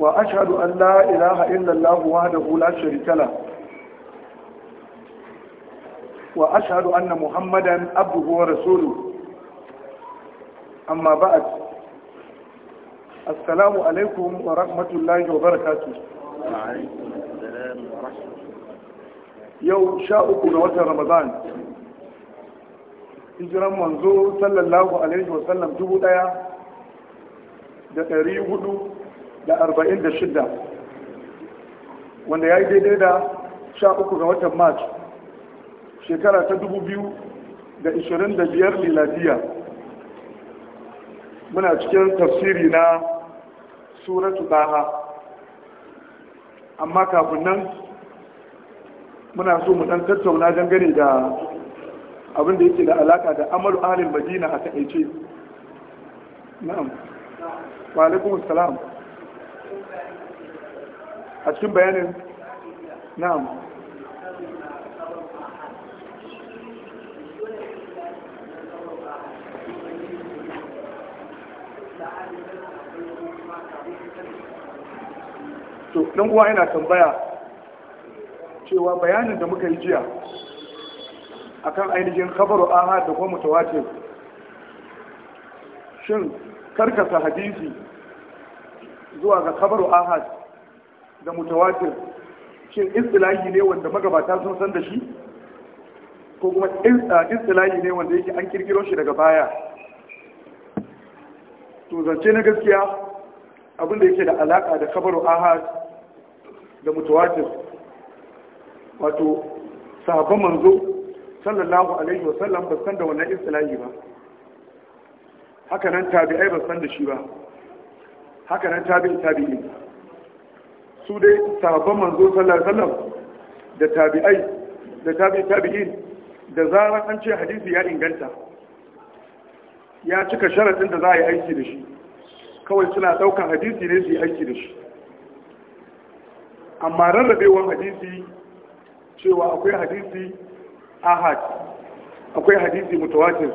wa ashadu an la ilaha illallah wahdahu la sharika la wa ashadu anna muhammadan abduhu wa rasulu amma ba'd assalamu alaikum wa rahmatullahi wa barakatuh yau sha uku da watan ramadan hijiran manzo sallallahu alaihi wa sallam dubu daya da ɗari hudu da arba'in da shida wanda ya yi daidai da sha uku ga watan march shekara ta dubu biyu da ishirin da biyar liladiya muna cikin tafsiri na suratu ɗaha, amma kafin nan muna so mu ɗan tattauna dangane da abin da yake da alaka da amalu ahalin madina a ta'aice na'am wa alaikum salam a cikin bayanin na'am to ɗan uwa yana tambaya cewa bayanin da muka yi jiya akan ainihin kabaru aha da kuma mutawatir shin karkasa hadisi zuwa ga kabaru ahad da mutawatir shin istilahi ne wanda magabata sun san da shi ko kuma istilahi ne wanda yake an kirkiro shi daga baya to zance na gaskiya abinda yake da alaka da kabaru ahad da mutawatir wato sahabban manzo sallallahu alaihi wasallam ba san da wannan istilahi ba haka nan tabi'ai ba san da shi ba haka nan tabi'in tabi'in su dai sahabban manzo sallallahu alaihi da tabi'ai da tabi'in tabi'in da zarar an ce hadisi ya inganta ya cika sharadin da za a yi aiki da shi kawai suna daukan hadisi ne su yi aiki da shi amma rarrabewan hadisi cewa akwai hadisi ahad akwai hadisi mutawatir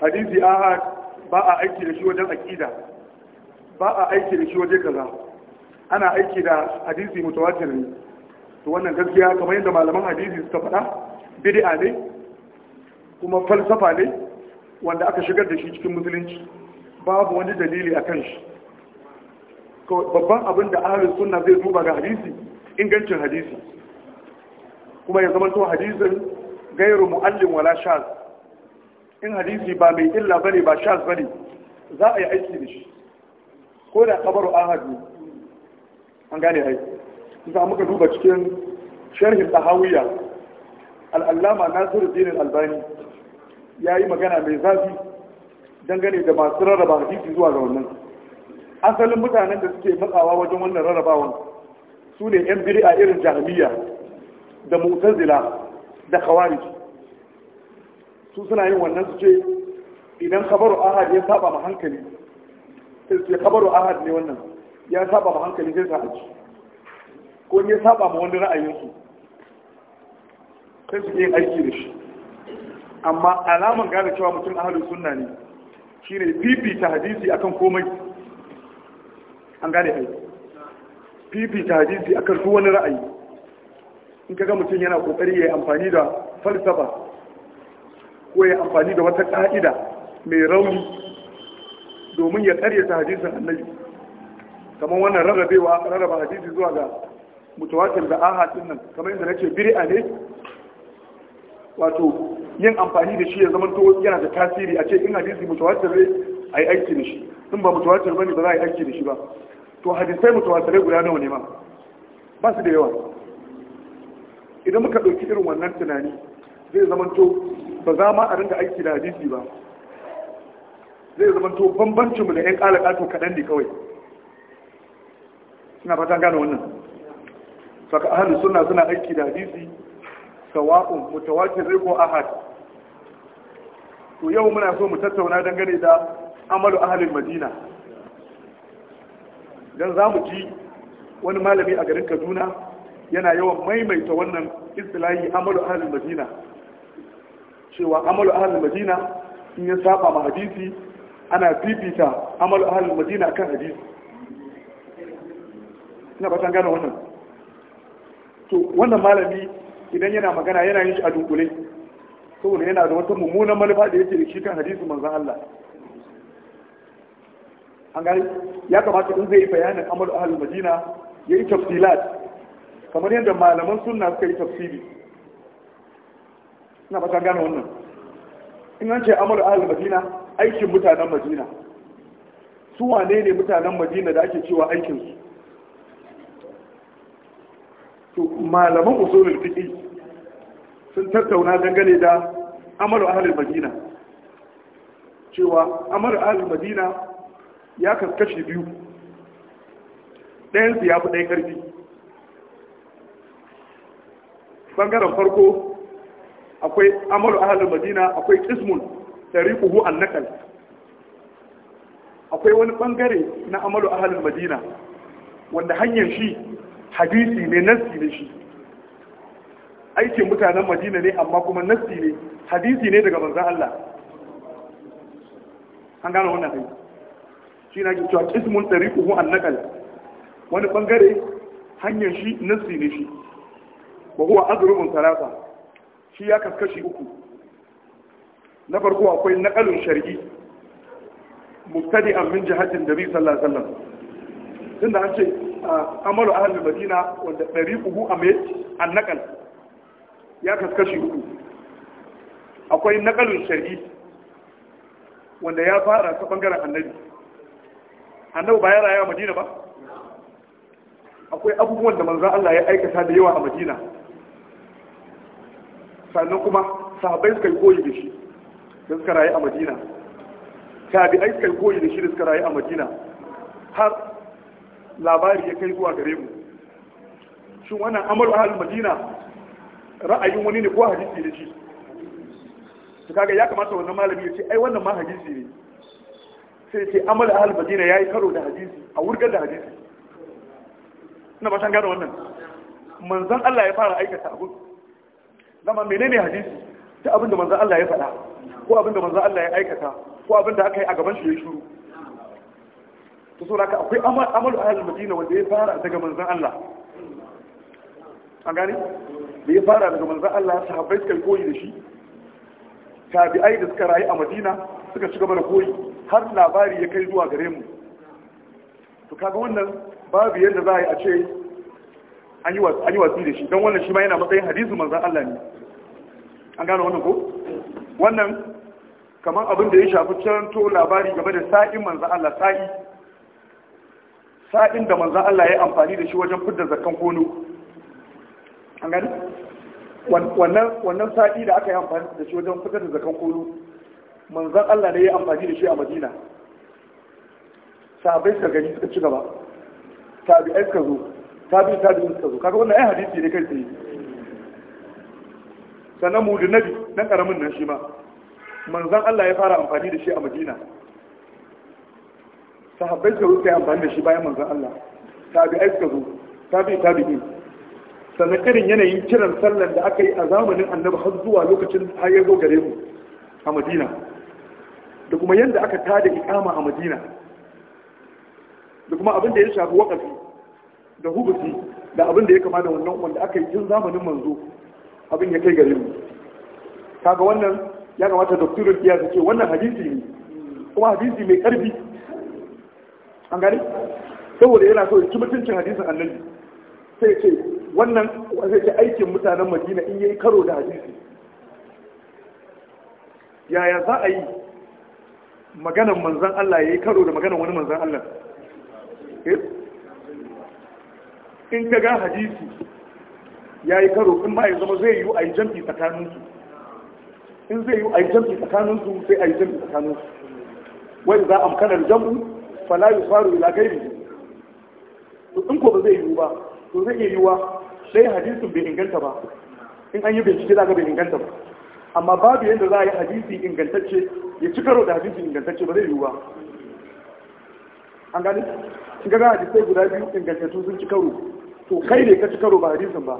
hadisi ahad ba a aiki da shi wajen aqida ba a aiki da shi waje kaza ana aiki da hadisi mutawatir ne to wannan gaskiya kamar yadda malaman hadisi suka faɗa bid'a ne kuma falsafa ne wanda aka shigar da shi cikin musulunci babu wani dalili a kan shi babban abin da ahalin sunna zai duba ga hadisi ingancin hadisi kuma ya zama to hadisin gairu mu'allin wala shaz in hadisi ba mai illa bane ba shaz bane za a yi aiki da shi ko da kabaru ahad ne an gane hai za muka duba cikin sharhin tahawiyya al'allama nasiruddin albani ya yi magana mai zafi dangane da masu rarraba hadisi zuwa ga wannan asalin mutanen da suke matsawa wajen wannan rarrabawan su ne yan biri a irin jahiliya da mutazila da khawarij su suna yin wannan su ce idan kabaru ahad ya saba ma hankali sai kabaru ahad ne wannan ya saba ma hankali sai su haji ko ya saba ma wani ra'ayinsu sai su yin aiki da shi amma alaman gane cewa mutum ahadu sunna ne shi ne fifita hadisi akan komai an gane aiki fifita hadisi akan su wani ra'ayi in kaga mutum yana kokari ya yi amfani da falsafa ko ya amfani da wata ka'ida mai rauni domin ya karyata hadisin annabi kamar wannan rarrabewa rarraba hadisi zuwa ga mutawatir da ahadin nan kamar yadda nake bid'a ne wato yin amfani da shi ya zama to yana da tasiri a ce in hadisi mutawatir ne ai aiki da shi in ba mutawatir bane ba za a yi aiki da shi ba to hadisai mutawatirai guda nawa ne ma ba su da yawa idan muka ɗauki irin wannan tunani zai zama to ba za ma a rinka aiki da hadisi ba zai zama to bambancin mu da 'yan ƙalaka to kaɗan ne kawai suna fatan gane wannan saka ahalin suna suna aiki da hadisi sawa'un mutawatir ko ahad to yau muna so mu tattauna dangane da amalu ahalin madina don za mu ji wani malami a garin kaduna yana yawan maimaita wannan istilahi amalu ahalin madina cewa amalu ahalin madina in ya saba ma hadisi ana fifita amal ahalin madina kan hadisi ina ba san gane wannan to wannan malami idan yana magana yana yin shi a dunkule saboda yana da wata mummunan manufa da yake da shi kan hadisi manzon Allah an gani ya kamata in zai yi bayanin amal ahalin madina ya yi tafsilat kamar yadda malaman sunna suka yi tafsiri ina ba san gane wannan in an ce amal ahalin madina aikin mutanen madina su wane ne mutanen madina da ake cewa aikinsu to malaman usulul fiqi sun tattauna dangane da amalu ahlul madina cewa amalu ahlul madina ya kaskashi biyu ɗayansu ya fi ɗaya ƙarfi Bangaren farko akwai amalu ahlul madina akwai ismun tariquhu an-nakal akwai wani bangare na amalu ahalin madina wanda hanyar shi hadisi ne nassi ne shi aikin mutanen madina ne amma kuma nassi ne hadisi ne daga manzon Allah an gano wannan kai shi na cewa ismun tariquhu an-nakal wani bangare hanyar shi nassi ne shi wa huwa azrubun salasa shi ya kaskashi uku na farko akwai naƙalin shari'i mubtadi an min jihatin da bi sallallahu alaihi wasallam tunda an ce a amalu ahlul madina wanda a mai an naƙal ya kaskashi uku akwai naƙalin shari'i wanda ya fara ta bangaren annabi annabi ba ya raya madina ba akwai abubuwan da manzan Allah ya aikata da yawa a madina sannan kuma sahabai suka yi koyi da shi da suka rayu a madina tabi'ai suka koyi da shi da suka rayu a madina har labari ya kai zuwa gare mu shin wannan amalu ahal madina ra'ayin wani ne ko hadisi da shi to kaga ya kamata wannan malami ya ce ai wannan ma hadisi ne sai ce amalu ahal madina yayi karo da hadisi a wurgar da hadisi ina ba san gane wannan manzon Allah ya fara aikata abu zama menene hadisi ta abin da manzon Allah ya faɗa ko abinda manzo Allah ya aikata ko abinda aka yi a gaban shi ya shuru to so haka akwai amalu ahlul madina wanda ya fara daga manzo Allah an gane da ya fara daga manzo Allah sahabbai suka koyi da shi tabi'ai da suka rayu a madina suka shiga mana koyi har labari ya kai zuwa gare mu to kaga wannan babu yadda za a yi a ce an yi watsi da shi don wannan shi ma yana matsayin hadisu manzan Allah ne an gano wannan ko wannan kamar abin da ya shafi canto labari game da sa'in manzan Allah sa'i sa'in da manzan Allah ya amfani da shi wajen fidda zakan gono an gani wannan sa'i da aka yi amfani da shi wajen fidda zakan gono manzan Allah ne ya amfani da shi a madina sahabai suka gani suka ci gaba tabi'ai suka zo tabi'ai tabi'ai suka zo kaga wannan ai hadisi ne kai tsaye sannan mudu nabi dan karamin nan shi ma manzan Allah ya fara amfani da shi a madina sahabbai su rufe amfani da shi bayan manzan Allah tabi'ai suka zo tabi tabi'i sannan irin yanayin kiran sallan da aka yi a zamanin annabi har zuwa lokacin hayar ya zo gare mu a madina da kuma yadda aka tada ikama a madina da kuma abin da ya shafi wakafi da hubusi da abin da ya kama da wannan wanda aka yi tun zamanin manzo abin ya kai gare mu kaga wannan ya kamata doktorin ya su ce wannan hadisi ne kuma hadisi mai karfi an gani saboda yana so ki mutuncin hadisin annabi sai ce wannan sai ce aikin mutanen madina in yayi karo da hadisi yaya za a yi maganan manzan Allah ya yi karo da maganan wani manzan Allah eh? in ka ga hadisi ya yi karo in ma yi zama zai yi a yi jam'i tsakaninsu in zai yi a yi jam'i tsakaninsu sai a yi jam'i tsakaninsu wai za a amkanar jamfi falayi faru ila gairi in ko ba zai yi ba to zai iya yiwa sai hadisin bai inganta ba in an yi bincike za ka bai inganta ba amma babu yadda za a yi hadisi ingantacce ya ci karo da hadisi ingantacce ba zai yi ba an gani shiga ga hadisai guda biyu ingantattu sun ci karo to kai ne ka ci karo ba hadisin ba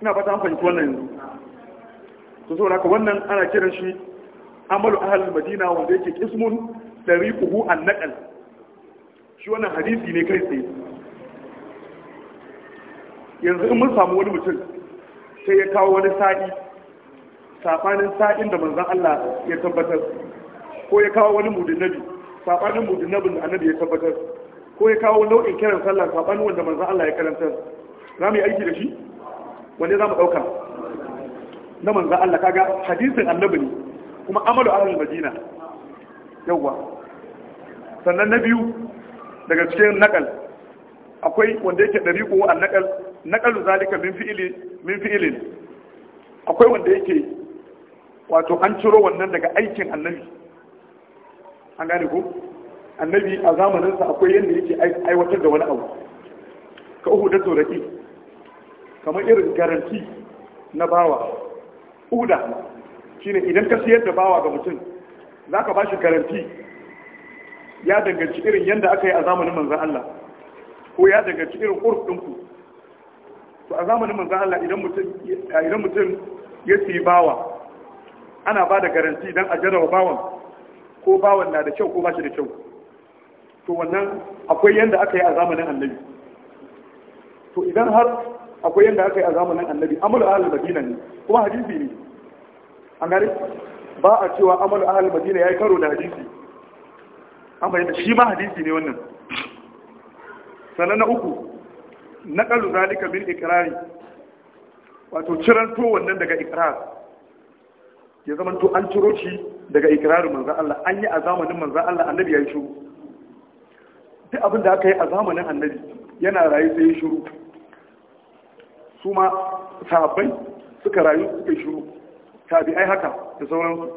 ina fata an fahimci wannan yanzu to saboda haka wannan ana kiran shi amalu ahlul madina wanda yake Kismun dari tariquhu an-naqal shi wannan hadisi ne kai tsaye yanzu in mun samu wani mutum sai ya kawo wani sa'i safanin sa'in da manzon Allah ya tabbatar ko ya kawo wani mudinnabi safanin mudinabin da annabi ya tabbatar ko ya kawo nau'in kiran sallah saɓani wanda manzo Allah ya karanta. za mu yi aiki da shi wanda za mu ɗauka na manzo Allah kaga hadisin annabi ne kuma amalu ahli madina yawwa sannan na biyu daga cikin nakal akwai wanda yake dariqu an nakal naqalu zalika min fi'ili min fi'ilin akwai wanda yake wato an ciro wannan daga aikin annabi an gane ko annabi a zamaninsa akwai yadda yake aiwatar da wani abu ka uhu da tsoraki kamar irin garanti na bawa uda shine idan ka siyar da bawa ga mutum za ka ba shi garanti ya danganci irin yadda aka yi a zamanin manzan Allah ko ya danganci irin ƙurfinku to a zamanin manzan Allah idan mutum ya siyi bawa ana ba da garanti don a jarawa bawan ko bawan na da kyau ko ba shi da kyau to wannan akwai yanda aka yi a zamanin annabi to idan har akwai yanda aka yi a zamanin annabi amul ahlul madina ne kuma hadisi ne an gane ba a cewa amul ahlul madina yayi karo da hadisi an bayyana shi ma hadisi ne wannan sannan na uku naqalu zalika bil ikrari wato ciranto wannan daga ikrar ya zama to an ciro shi daga ikrarin manzo Allah an yi a zamanin manzo Allah annabi ya yi shiru duk abin da aka yi a zamanin annabi yana rayu sai shiru su ma sahabbai suka rayu suka shiru tabi'ai haka da sauransu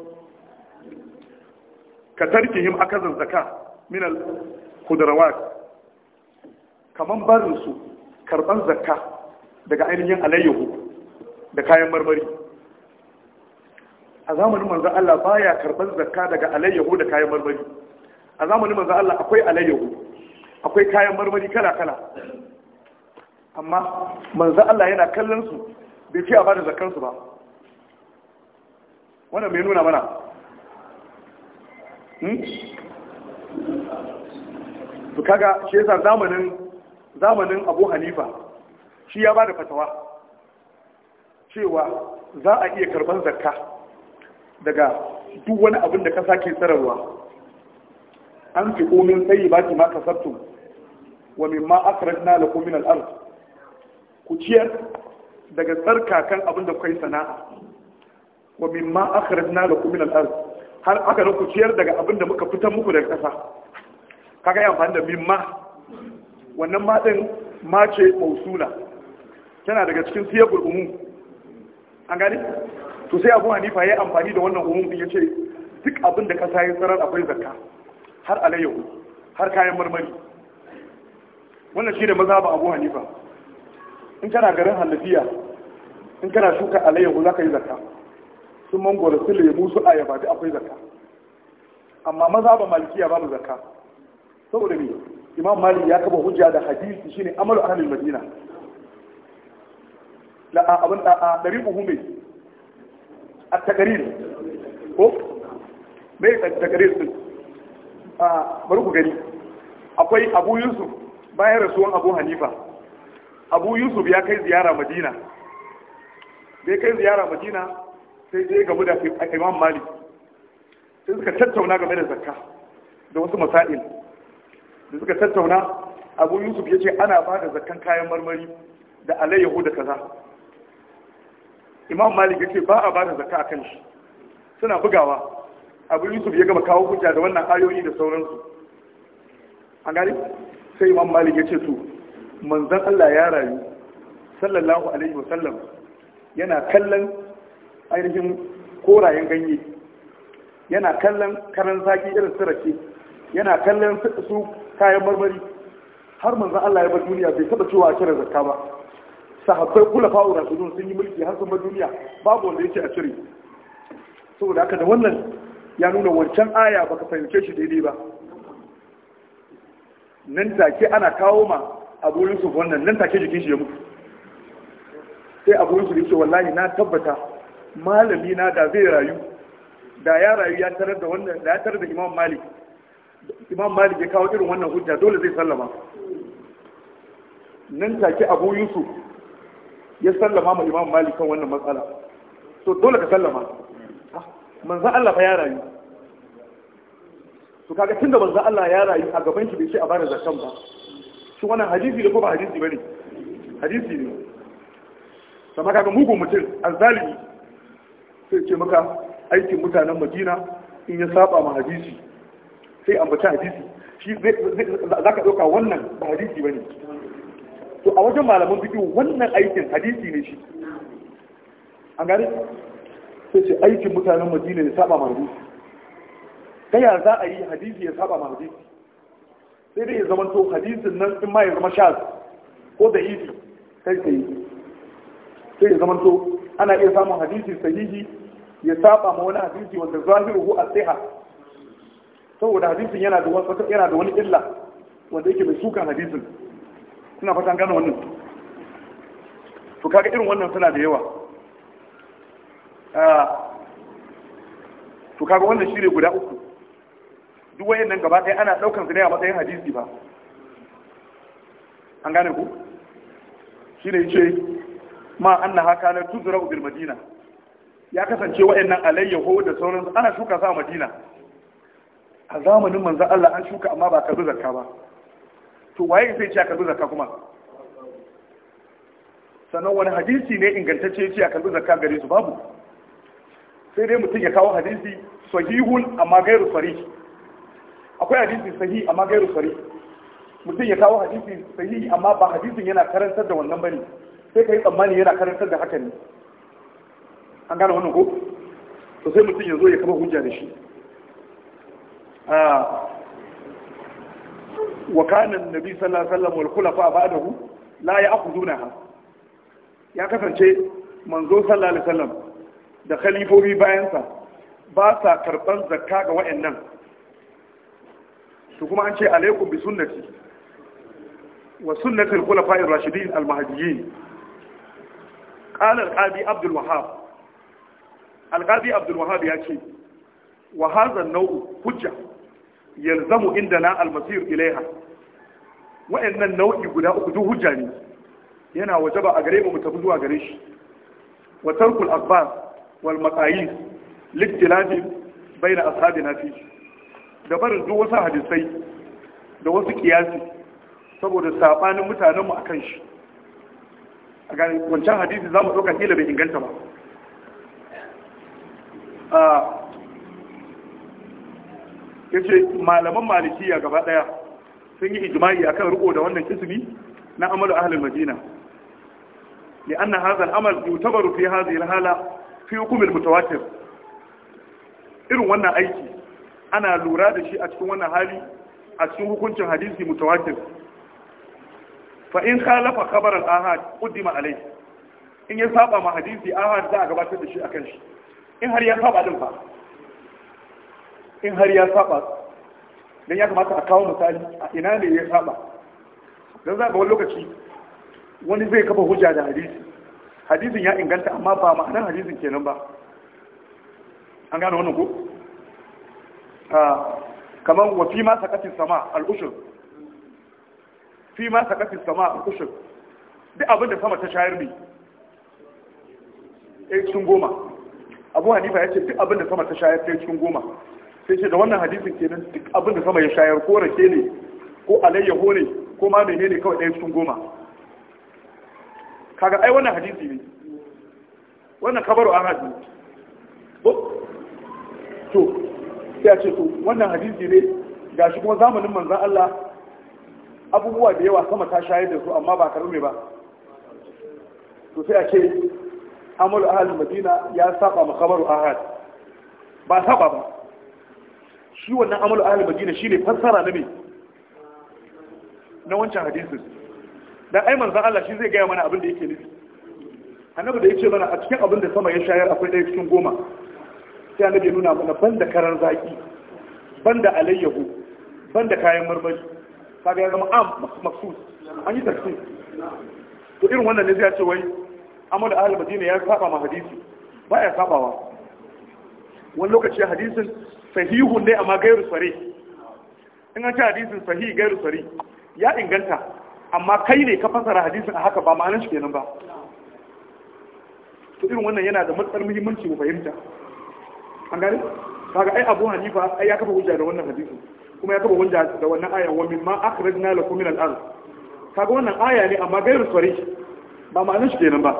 ka tarkihim akazan zanzaka min al khudrawat kaman barin su karban zakka daga ainihin alayyahu da kayan marmari a zamanin manzon Allah baya karban zakka daga alayyahu da kayan marmari a zamanin manzon Allah akwai alayyahu akwai kayan marmari kala-kala amma manzan Allah yana kallon su bai fi a ba da zakansu ba wanda mai nuna mana su hmm? kaga shi yasa zamanin abu hanifa shi ya bada fatawa cewa za a iya karban zakka daga duk wani abin da ka ke tsararwa an fi komin sayi ba ma kasabtun wa mimma akhrajna lakum min al-ard ku ciyar daga tsarkakan abin da kai sana'a wa mimma akhrajna lakum min al-ard har aka ku ciyar daga abin da muka fitar muku daga ƙasa kaga yan fanda mimma wannan ma din ma ce mausula tana daga cikin siyabul umum an gani to sai abu hanifa ya amfani da wannan umum ya ce duk abin da ka sayi tsarar akwai zakka har alayyahu har kayan marmari wannan shi da ba abu hannifa in kana garin halafiya in kana shuka alayyahu za ka yi zarka sun mangoro sun lemu su ayaba duk akwai zarka amma maza ba malikiya ba mu zarka saboda me imam malik ya kaba hujja da hadisi shine amalu ahalin madina la abin da ɗari buhu mai A takarir. ko mai at-taqrir din a bari ku gani akwai abu yusuf bayan rasuwan abu hanifa abu yusuf ya kai ziyara madina da ya kai ziyara madina sai je gabu da imam malik sai suka tattauna game da zakka da wasu masail da suka tattauna abu yusuf ya ce ana ba da zakkan kayan marmari da alayyahu da kaza imam malik ya ce ba a ba da zakka a kan shi suna bugawa abu yusuf ya gama kawo hujja da wannan ayoyi da sauransu sai imam malik ya ce to manzon Allah ya rayu sallallahu alaihi wa sallam yana kallon ainihin korayen ganye yana kallon karan zaki irin su yana kallon su kayan marmari har manzon Allah ya bar duniya bai taba cewa a cire zakka ba sahabbai kula fa'u rasulun sun yi mulki har sun bar duniya babu wanda yake a cire saboda haka da wannan ya nuna wancan aya baka fahimce shi daidai ba nan take ana kawo ma abu yusuf wannan nan take jikin shi ya mutu sai abu yusuf ya ce wallahi na tabbata malami na da zai rayu da ya rayu ya tarar da wannan da ya tarar da imam malik imam malik ya kawo irin wannan hujja dole zai sallama nan take abu yusuf ya sallama ma imam malik kan wannan matsala to dole ka sallama ah, manzo Allah fa ya rayu to kaga tunda manzon Allah ya rayu a gaban shi bai ce a bada zakan ba shi wannan hadisi da ko ba hadisi bane hadisi ne sama kaga mugun mutum azzalimi sai ce maka aikin mutanen Madina in ya saba ma hadisi sai ambaci hadisi shi za ka ɗauka wannan ba hadisi ba ne to a wajen malaman fiƙi wannan aikin hadisi ne shi an gane sai ce aikin mutanen madina ya saba ma hadisi ta ya za a yi hadisi ya saba ma hadisi sai dai ya zama to hadisin nan in ma ya zama shaz ko da sai ta yi sai ya zama to ana iya samun hadisi sahihi ya saba ma wani hadisi wanda zahiruhu a sihha saboda hadisin yana da wasu yana da wani illa wanda yake mai sukan hadisin suna fatan gane wannan to kaga irin wannan suna da yawa ah, to kaga wannan shi ne guda uku duk nan gaba ɗaya ana ɗaukar su ne a matsayin hadisi ba an gane ku shi ne ce ma an na haka na tuzura ubir madina ya kasance wayannan alayyaho da sauran ana shuka sa madina a zamanin manzan Allah an shuka amma ba ka zo zakka ba to waye sai ce ka zo zakka kuma sannan wani hadisi ne ingantacce ce ka zo zakka gare su babu sai dai mutum ya kawo hadisi sahihun amma gairu sarih akwai hadisi sahihi amma gairu sari mutum ya kawo hadisi sahihi amma ba hadisin yana karantar da wannan bane sai ka yi tsammani yana karantar da haka ne an gane wannan ko to sai mutum ya zo ya kama hujja da shi ah, wa kana nabi sallallahu alaihi wasallam wal khulafa ba'dahu la ya kasance manzo sallallahu alaihi wasallam da khalifofi bayansa ba sa karban zakka ga wayannan to kuma an ce alaikum bi sunnati wa sunnati al-khulafa'ir rashidin al-mahdiyyin qala al-qadi abd wahhab al-qadi wahhab ya ce wa hadha an-naw'u hujja yalzamu indana al-masir ilayha wa'annan nau'i guda uku duk hujja ne yana wajaba a gare mu tafi zuwa gare shi wa tarkul abbas wal maqayis liktilafi baina ashabina fihi da barin duk wasu hadisai da wasu kiyasi saboda saɓanin mutanenmu a kan shi a gani wancan hadisi za mu ɗauka kila bai inganta ba ya ce malaman malikiya gaba ɗaya sun yi ijimai akan riko da wannan kisimi na amalu ahalin madina li anna hadha al-amal yutabaru fi hadhihi al-hala fi hukm al-mutawatir irin wannan aiki ana lura da shi a cikin wannan hali a cikin hukuncin hadisi mutawatir fa in khalafa khabar al-ahad qudima alayhi in ya saba ma hadisi ahad za a gabatar da shi akan shi in har ya saba din fa in har ya saba dan ya kamata a kawo misali a ina ne ya saba dan za ga wani lokaci wani zai kafa hujja da hadisi hadisin ya inganta amma ba ma'anar hadisin kenan ba an gane wannan ko kamar wa fi ma sakatin sama al'ushur fi ma sakatin sama al'ushur duk abin da sama ta shayar ne ɗaya cikin goma abu hanifa ya ce duk abin da sama ta shayar ɗaya cikin goma sai ce da wannan hadisin ke nan duk abin da sama ya shayar ko rake ne ko alayyaho ne ko ma mene ne kawai ɗaya cikin goma kaga ai wannan hadisi ne wannan kabaru an hadisi to sai ce to wannan hadisi ne ga shi kuma zamanin manzan Allah abubuwa da yawa sama ta shayar da su amma ba rume ba to sai a ce amul ahal madina ya saba ma khabaru ahad ba saba ba shi wannan amul ahal madina shine fassara na me na wancan hadisin dan ai manzan Allah shi zai gaya mana abin da yake nufi annabi da yake mana a cikin abin da sama ya shayar akwai ɗaya cikin goma sai annabi ya nuna mana banda karar zaki banda alayyahu banda kayan marmari kaga ya zama am maksus an yi tafsir to irin wannan ne zai ce wai amal ahlul madina ya saba ma hadisi ba ya sabawa wani lokaci hadisin sahihu ne amma gairu sare in an ce hadisin sahihi gairu sare ya inganta amma kai ne ka fasara hadisin a haka ba ma'anar shi kenan ba to irin wannan yana da matsar muhimmanci mu fahimta an gane kaga ai abu hanifa ai ya kafa hujja da wannan hadisi kuma ya kafa hujja da wannan aya wa mimma akhrajna lakum min al-ard kaga wannan aya ne amma gairu sarih ba ma'anar shi kenan ba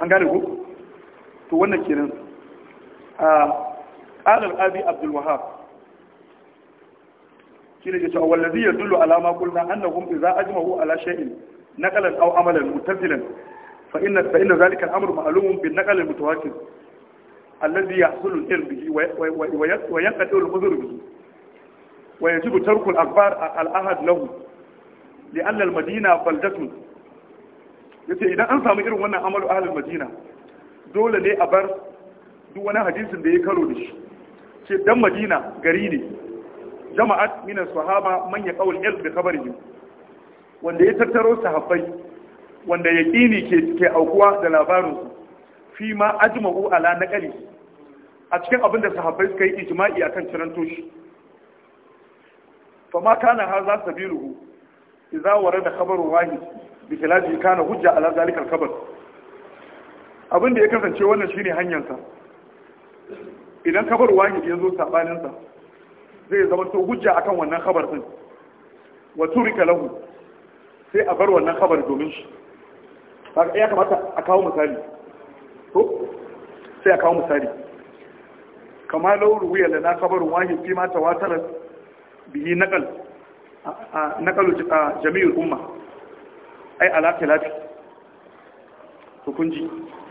an gane ku to wannan kenan a قال الأبي عبد الوهاب shine ke cewa wallazi yadullu ala ma qulna annahum idza ajma'u ala shay'in naqalan aw amalan mutazilan فإن فإن ذلك الأمر معلوم بالنقل المتواتر الذي يحصل العلم به وينقطع العذر به ويجب ترك الأخبار الأحد له لأن المدينة بلدة yace idan an samu irin wannan amalu ahlul madina dole ne a bar duk wani hadisin da ya karo da shi ce dan madina gari ne jama'at minan sahaba manya qawl ilm bi wanda ya tattaro wanda yaqini ke ke aukuwa da labarin su fi ma ajma'u ala naqali a cikin abinda da sahabbai suka yi ijma'i akan ciranto shi fa ma kana hadha sabiluhu idza warada khabaru wahi bi khilafi kana hujja ala zalika khabar ya kasance wannan shine hanyar sa idan khabaru ya zo sabanin sa zai zama to hujja akan wannan khabar din wa turika lahu sai a bar wannan khabar domin shi ya kamata a kawo misali ko sai a kawo misali kama lauru wuya da na kabarin wahid fi ma tawatarar biyi nakal a jami'ul umma ai ala lafi. to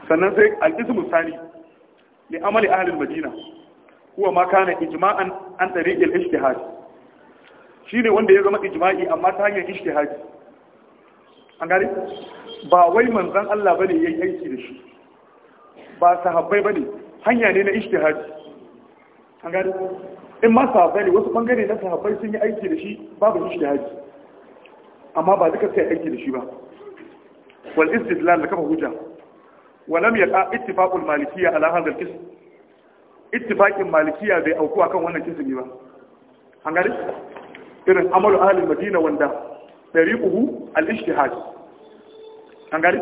sannan sai al-ismu sani li amali ahli al-madina huwa ma kane ijma'an an tsari tariq al Shi ne wanda ya zama ijma'i amma ta hanyar ijtihadi an gare ba wai manzan Allah bane yayi aiki da shi ba sahabbai bane hanya ne na ijtihadi an gani in ma sahabbai ne wasu bangare na sahabbai sun yi aiki da shi babu Haji? amma ba duka sai aiki da shi ba wal istidlal kafa hujja ولم يقع اتفاق المالكية على هذا القسم اتفاق malikiya bai auku akan wannan kisimi ba an gani irin amalu ahlul madina wanda tariquhu al Haji. an gari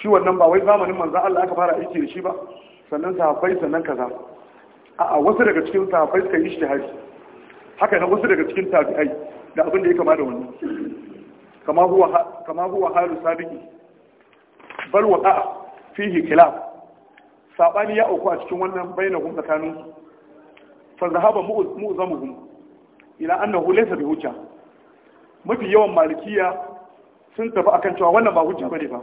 shi wannan ba wai zamanin manzan Allah aka fara aiki da shi ba sannan sahabbai sannan kaza a wasu daga cikin sahabbai suka yi shi haka na wasu daga cikin tabi'ai da abin da ya kama da wani. kama huwa kama halu sabiqi bal waqa fihi khilaf sabani ya auku a cikin wannan bainahum tsakanin fa zahaba mu'zamuhum ila annahu laysa bi hujja mafi yawan malikiya sun tafi akan cewa wannan ba hujja bane ba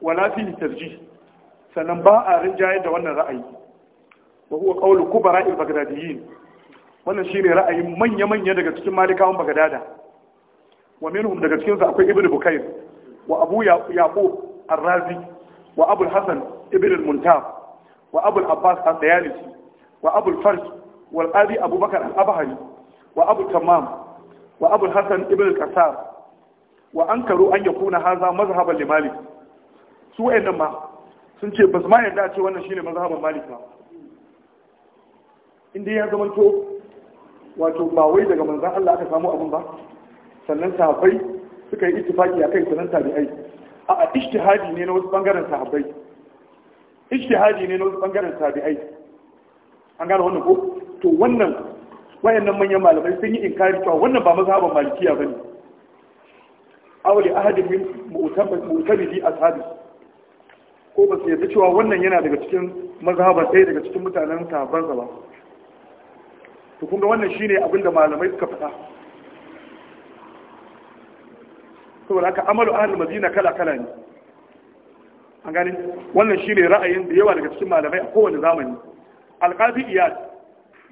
wala fi tarjih sannan ba a rinjaye da wannan ra'ayi wa huwa qawlu kubara al-baghdadiyyin wannan shine ra'ayin manya-manya daga cikin malikawan bagdada wa minhum daga cikin su akwai ibnu bukair wa abu yaqub ar-razi wa abu al-hasan ibn al wa abu al-abbas al-dayalisi wa abu al-farj wal qadi abubakar al-abhari wa abu tamam wa abu al-hasan ibn al wa an karo an ya kuna haza mazhaban li malik su wayannan ma sun ce ba su ma yarda ce wannan shine mazhaban malik ba inda ya zama to wato ba wai daga manzan Allah aka samu abin ba sannan sahabbai suka yi ittifaki kai sannan tabi'ai a a ijtihadi ne na wasu bangaren sahabbai ijtihadi ne na wasu bangaren tabi'ai an gane wannan ko to wannan wayannan manyan malamai sun yi inkari cewa wannan ba mazhaban malikiya bane aw li ahadin min mu'tabidi ashabi ko ba su yarda cewa wannan yana daga cikin mazhaban sai daga cikin mutanen sa ba to kun ga wannan shine abin da malamai suka faɗa saboda haka amalu ahlul madina kala kala ne an gane wannan shine ra'ayin da yawa daga cikin malamai a kowane zamani alqazi iyad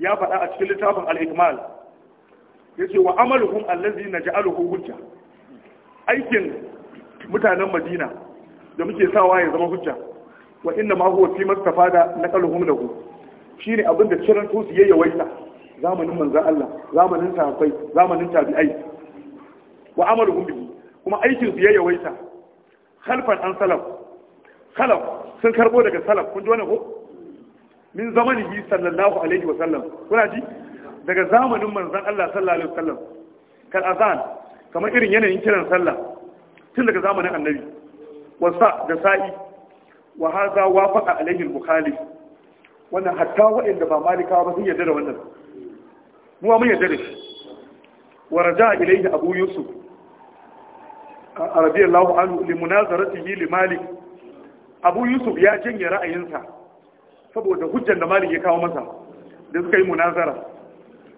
ya faɗa a cikin littafin al-ikmal yace wa amaluhum allazi naj'aluhu hujja aikin mutanen madina da muke sawa ya zama hujja wa inna ma huwa fi mustafa da naqaluhum lahu shine abinda kiran su ya yawaita zamanin manzon Allah zamanin sahabbai zamanin tabi'ai wa amaluhum bihi kuma aikin su ya yawaita khalfan an salaf khalaf sun karbo daga salaf kun ji wannan ko min zamanihi sallallahu alaihi wa sallam kuna ji daga zamanin manzon Allah sallallahu alaihi wa sallam kal azan kamar irin yanayin kiran sallah tun daga zamanin annabi wasa da sa'i wa haza wafaqa alayhi al-bukhari wannan hatta wa'anda ba malikawa ba sun yarda da wannan mu mun yarda da shi wa raja ilayhi abu yusuf radiyallahu anhu li munazaratihi li malik abu yusuf ya janye ra'ayinsa saboda hujjar da malik ya kawo masa da suka yi munazara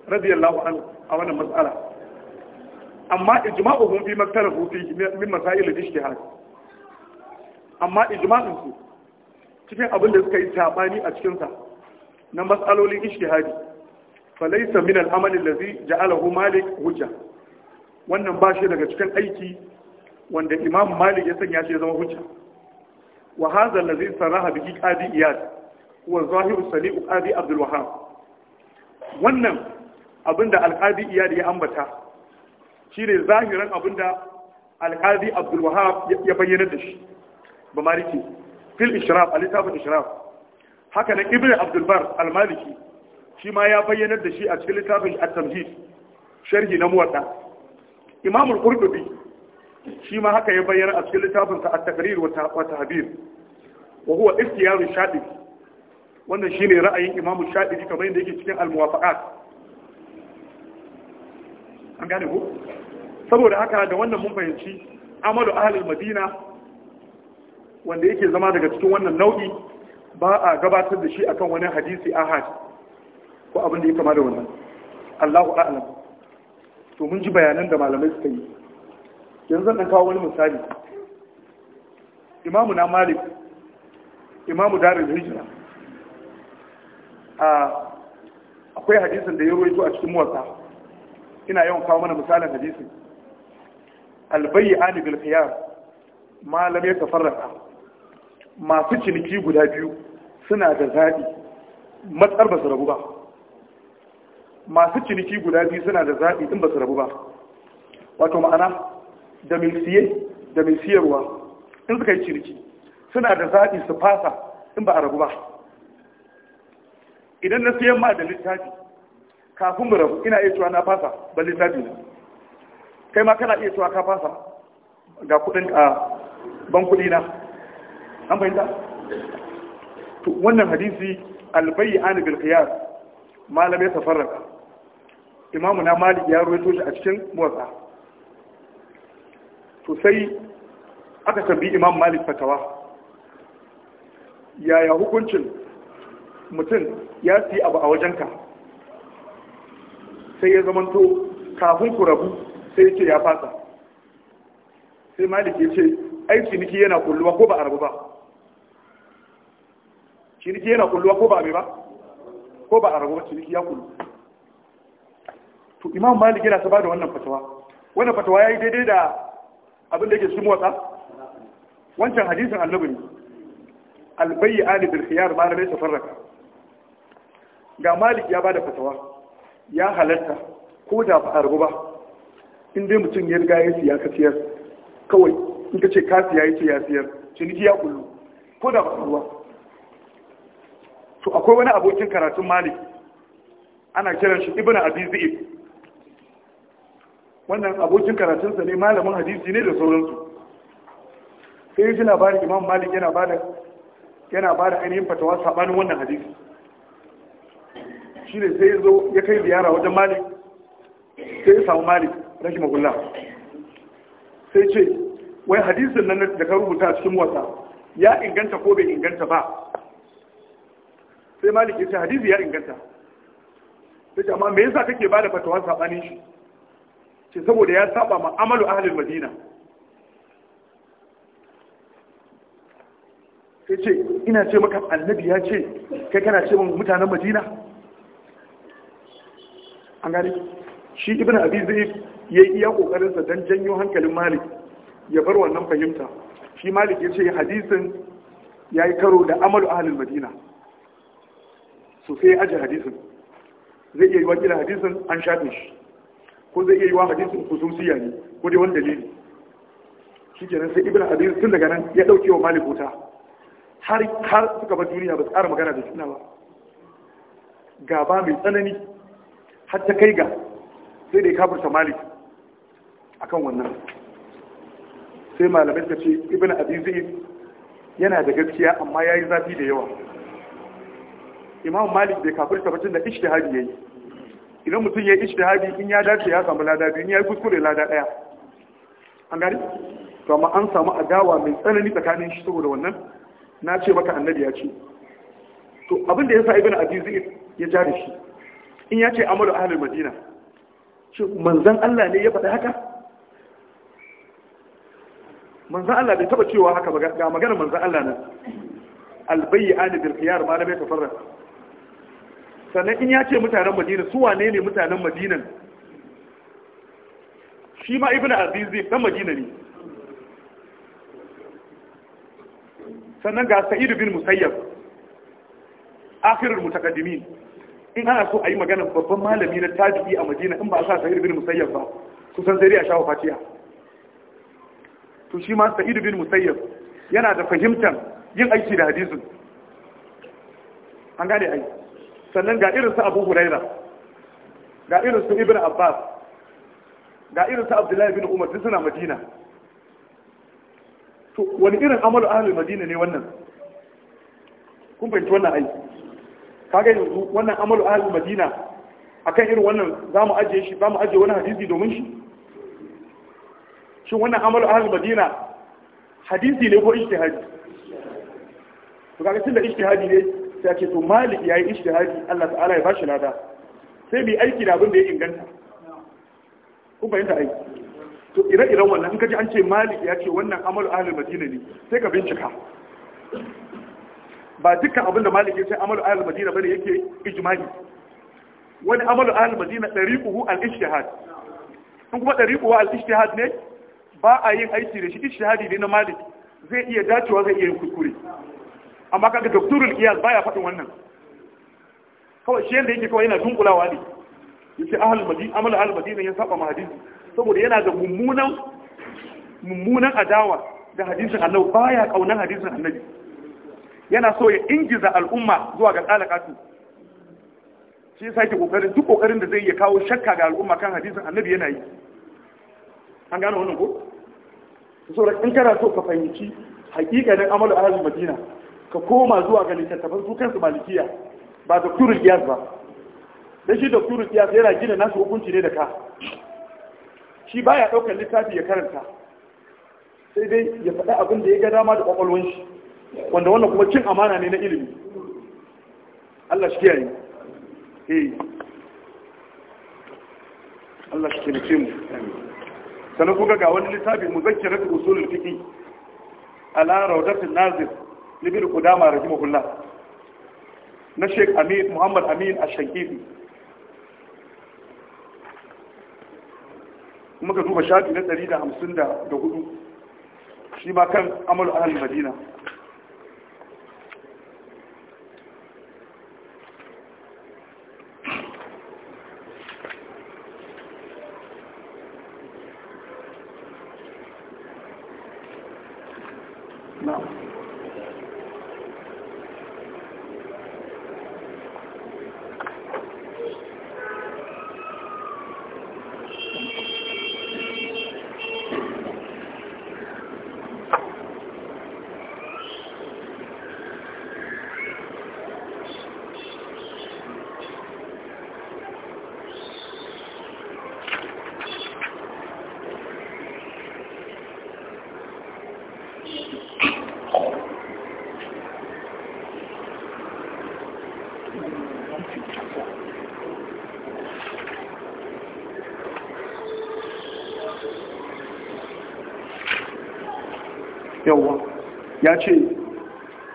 radiyallahu anhu a wannan mas'ala amma ijma'uhum fi maktarahu fi min masail al-ijtihad amma ijma'in su cikin abin da suka yi sabani a cikin sa na mas'alolin ijtihadi falaysa min al-amal allazi ja'alahu malik hujja wannan ba shi daga cikin aiki wanda imam malik ya sanya shi zama hujja wa hadha allazi saraha bihi qadi iyad huwa zahiru sali'u qadi abdul wahhab wannan abinda al-qadi iyad ya ambata Shi shine zahirin abinda alqadi abdul Abdulwahab ya bayyana da shi ba maliki fil ishraf alisabul ishraf haka na ibnu Abdulbar bar al maliki shi ma ya bayyana da shi a cikin littafin at-tamhid sharhi na muwatta imam al shi ma haka ya bayyana a cikin littafin sa at-taqrir wa tahbir wa huwa ikhtiyar shadi wannan shine ra'ayin imam shadi kamar yadda yake cikin al-muwafaqat an gane ko saboda haka da wannan mun fahimci amalu ahlul madina wanda yake zama daga cikin wannan nau'i ba a gabatar da shi akan wani hadisi ahad ko abin da ya kama da wannan Allahu a'lam to mun ji bayanan da malamai suka yi yanzu dan kawo wani misali imamu na malik imamu darul hijra a akwai hadisin da ya rawaito a cikin muwatta ina yawan kawo mana misalin hadisi, albayi ani bil khiyar malam ya tafarraka masu ciniki guda biyu suna da zabi matsar ba su rabu ba masu ciniki guda biyu suna da zabi din ba su rabu ba wato ma'ana da milsiye da milsiyarwa in suka yi ciniki suna da zabi su fasa in ba a rabu ba idan na siyan ma da littafi kafin mu rabu ina iya cewa na fasa ba lissafi kai ma kana iya cewa ka fasa ga kudin a bankudi na an fahimta to wannan hadisi albayi an bil qiyas malamai tafarraka imamu na malik ya ruwaito shi a cikin motsa to sai aka tambi imam malik fatawa yaya hukuncin mutum ya siya abu a wajenka sai ya zamanto kafin ku rabu sai ya ce ya fasa sai Maliki ya ce ai ciniki yana kulluwa ko ba a rabu ba ciniki yana kulluwa ko ba a ba ko ba a rabu ba ciniki ya kullu to imam malik yana ta ba da wannan fatawa wannan fatawa ya yi daidai da abin da yake sun motsa wancan hadisin annabi ne albayyi ali bil khiyar ma lam yatafarraka ga malik ya bada fatawa ya halatta ko da ba a rabu ba in dai mutum ya riga ya siya ka siyar kawai in ka ce ka siya ya ce ya siyar ciniki ya kullu ko da ba a ruwa to akwai wani abokin karatun malik ana kiran shi ibn abi wannan abokin karatunsa ne malamin hadisi ne da sauransu sai yi ji labarin imam malik yana bada yana bada ainihin fatawa sabanin wannan hadisi shi ne sai zo ya kai ziyara wajen malik sai ya samu malik rashin magulla sai ce wai hadisin nan da ka rubuta cikin wata ya inganta ko bai inganta ba sai malik ya ce hadisi ya inganta sai ce amma me yasa kake ba da fatawa saɓani shi ce saboda ya saba ma'amalu amalu madina sai ce ina ce maka annabi ya ce kai kana ce mutanen madina an gane shi ibn abi zai ya iya kokarin sa dan janyo hankalin malik ya bar wannan fahimta shi malik ya ce hadisin yayi karo da amalu ahlul madina so sai aje hadisin zai iya wa kila hadisin an shafe shi ko zai iya wa hadisin khususiya ne ko dai wanda ne shi kenan sai ibn abi tun daga nan ya dauke wa malik wuta har har suka bar duniya ba su ƙara magana da juna ba gaba mai tsanani har ta kai ga sai da ya kafirta malik kan wannan sai malamai ta ce ibn abizir yana da gaskiya amma ya yi zafi da yawa imam malik bai kafirta bacin da ishtihadi ya yi idan mutum ya yi ishtihadi in ya dace ya samu lada biyu in ya yi kuskure lada ɗaya an gani to amma an samu adawa mai tsanani tsakanin shi saboda wannan na ce maka annabi ya ce to abin da ya sa ibn abizir ya ja shi in ya ce amalu ahalul madina shi manzan Allah ne ya faɗi haka manzan Allah bai taba cewa haka ga maganar manzan Allah nan albayyi ani bil khiyar ma bai farra. sannan in ya ce mutanen madina su wane ne mutanen madinan shi ma ibnu aziz dan madina ne sannan ga sa'id bin musayyab akhirul mutaqaddimin in ana so a yi magana babban malami na tajibi a madina in ba a sa sa'id bin Musayyar ba kusan sai a shawo Fatiya. to shi ma sa'id bin Musayyar yana da fahimtar yin aiki da hadisin an gane ai sannan ga irin su abu huraira ga irin su ibn abbas ga irin su abdullahi bin umar duk suna madina to wani irin amalu ahlul madina ne wannan kun fahimci wannan aiki kaga yanzu wannan amalu ahlul madina akan irin wannan za mu ajiye shi za mu ajiye wani hadisi domin shi shi wannan amalu ahlul madina hadisi ne ko ijtihadi to kaga tunda ijtihadi ne sai ake to malik yayi ijtihadi Allah ta'ala ya bashi lada sai bi aiki da abin da ya inganta ku bayyana aiki to ire-iren wannan in kaji an ce malik ya ce wannan amalu ahlul madina ne sai ka bincika ba dukkan abin da malik ya ce amalu ahlul madina bane yake ijma'i wani amalu ahlul madina dariquhu al-ijtihad in kuma dariquhu al-ijtihad ne ba a yin aiki da shi ijtihadi ne na Maliki zai iya dacewa zai iya yin kuskure amma kaga doktorul qiyas baya faɗin wannan kawai shi yanda yake kawai yana dunkulawa ne yace ahlul madina amalu ahlul madina ya saba ma saboda yana da mummunan mummunan adawa da hadisin annabi baya kaunan hadisin annabi yana so ya ingiza al'umma zuwa ga tsalakatu shi yasa ke kokarin duk kokarin da zai iya kawo shakka ga al'umma kan hadisin annabi yana yi an gano wannan ko saboda in kana so ka fahimci hakikanin amalu halin madina ka koma zuwa ga littattafan su kansu malikiya ba doktorul kiyas ba da shi doktorul kiyas yana gina nasu hukunci ne da ka shi baya daukar littafi ya karanta sai dai ya faɗa abin da ya ga dama da kwakwalwar shi wanda wannan kuma cin amana ne na ilimi Allah shi kiyaye eh Allah shi kiyaye mu sanan kuka ga wani littafi muzakkiratu usulul fiqi ala rawdatin nazir libir qudama rahimahullah na Sheikh Amin Muhammad Amin ash Kuma ka duba shafi na 154 shi ma kan amalu ahal madina ya ce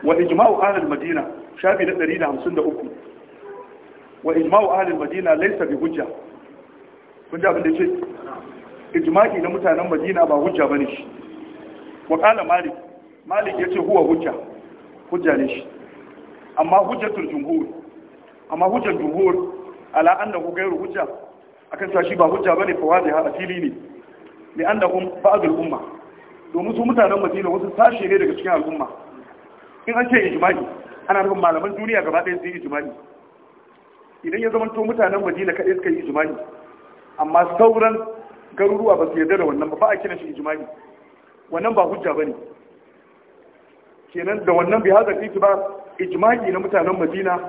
wa ijma'u ahlul madina shafi na 153 wa ijma'u ahlul madina laysa bi hujja kun ji abin da ce ijma'i na mutanen madina ba hujja bane shi wa qala malik malik yace huwa hujja hujja ne shi amma hujjatul jumhur amma hujjar jumhur ala annahu ghayru hujja akan sa shi ba hujja bane fa wazi ha asili ne li annahum ba'd al umma domin su mutanen madina wasu sashe ne daga cikin al'umma in an ce ijma'i ana nufin malaman duniya gaba ɗaya su yi ijma'i idan ya zama to mutanen madina kaɗai suka yi ijma'i amma sauran garuruwa ba su yarda da wannan ba ba a kina shi ijma'i wannan ba hujja ba ne kenan da wannan bai haɗa fiti ba ijma'i na mutanen madina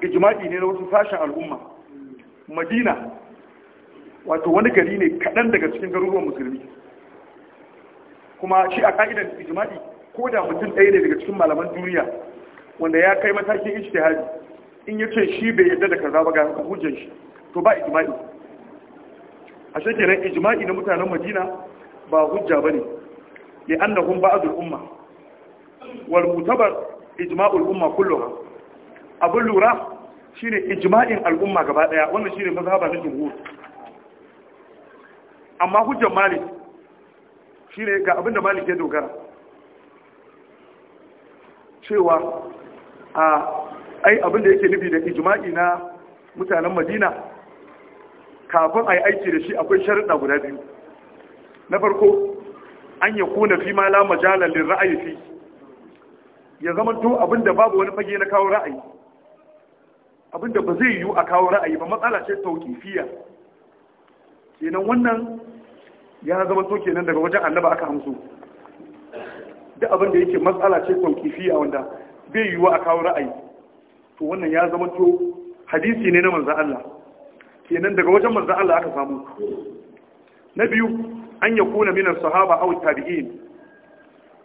ijma'i ne na wasu sashen al'umma madina wato wani gari ne kaɗan daga cikin garuruwan musulmi kuma shi a ka'idar ijma'i ko da mutum ɗaya ne daga cikin malaman duniya wanda ya kai matakin ijtihadi in ya ce shi bai yarda da kaza ba ga hujjar shi to ba ijma'i a shekenan ijma'i na mutanen madina ba hujja ba an da hun ba'dul umma wal mutabar ijma'ul umma kulluha abin lura shine ijma'in al'umma gaba daya wannan shine mazhaba na jumhur amma hujjar malik shi ne ga abinda malik ya dogara cewa a ai abinda yake nufi da ijma'i na mutanen madina kafin a yi aiki da shi akwai sharaɗa guda biyu na farko an ya kuna fi ma la majalar lin ra'ayi fi ya zama to abinda babu wani fage na kawo ra'ayi abinda ba zai yiwu a kawo ra'ayi ba matsala ce fiya, kenan wannan ya zama to kenan daga wajen annaba aka hamsu duk abin da yake matsala ce a wanda bai yiwuwa a kawo ra'ayi to wannan ya zama to hadisi ne na manzan Allah kenan daga wajen manza Allah aka samu na biyu an ya kuna minan sahaba aw tabi'in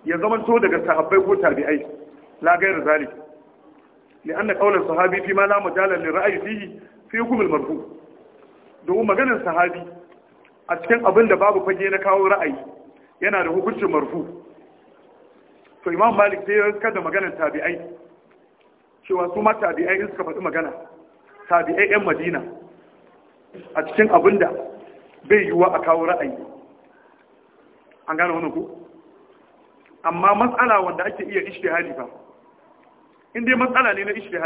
ya zama to daga sahabbai ko tabi'ai la gairu zalik لأن قول الصحابي فيما لا مجال للرأي فيه في حكم المرفوع domin maganar sahabi a cikin abin da babu fage na kawo ra'ayi yana da hukuncin marfu to imam malik sai ya da maganar tabi'ai cewa su ma tabi'ai in suka faɗi magana tabi'ai 'yan madina a cikin abin da bai yiwuwa a kawo ra'ayi an gane wani ku amma matsala wanda ake iya ishtihadi ba in dai matsala ne na ishe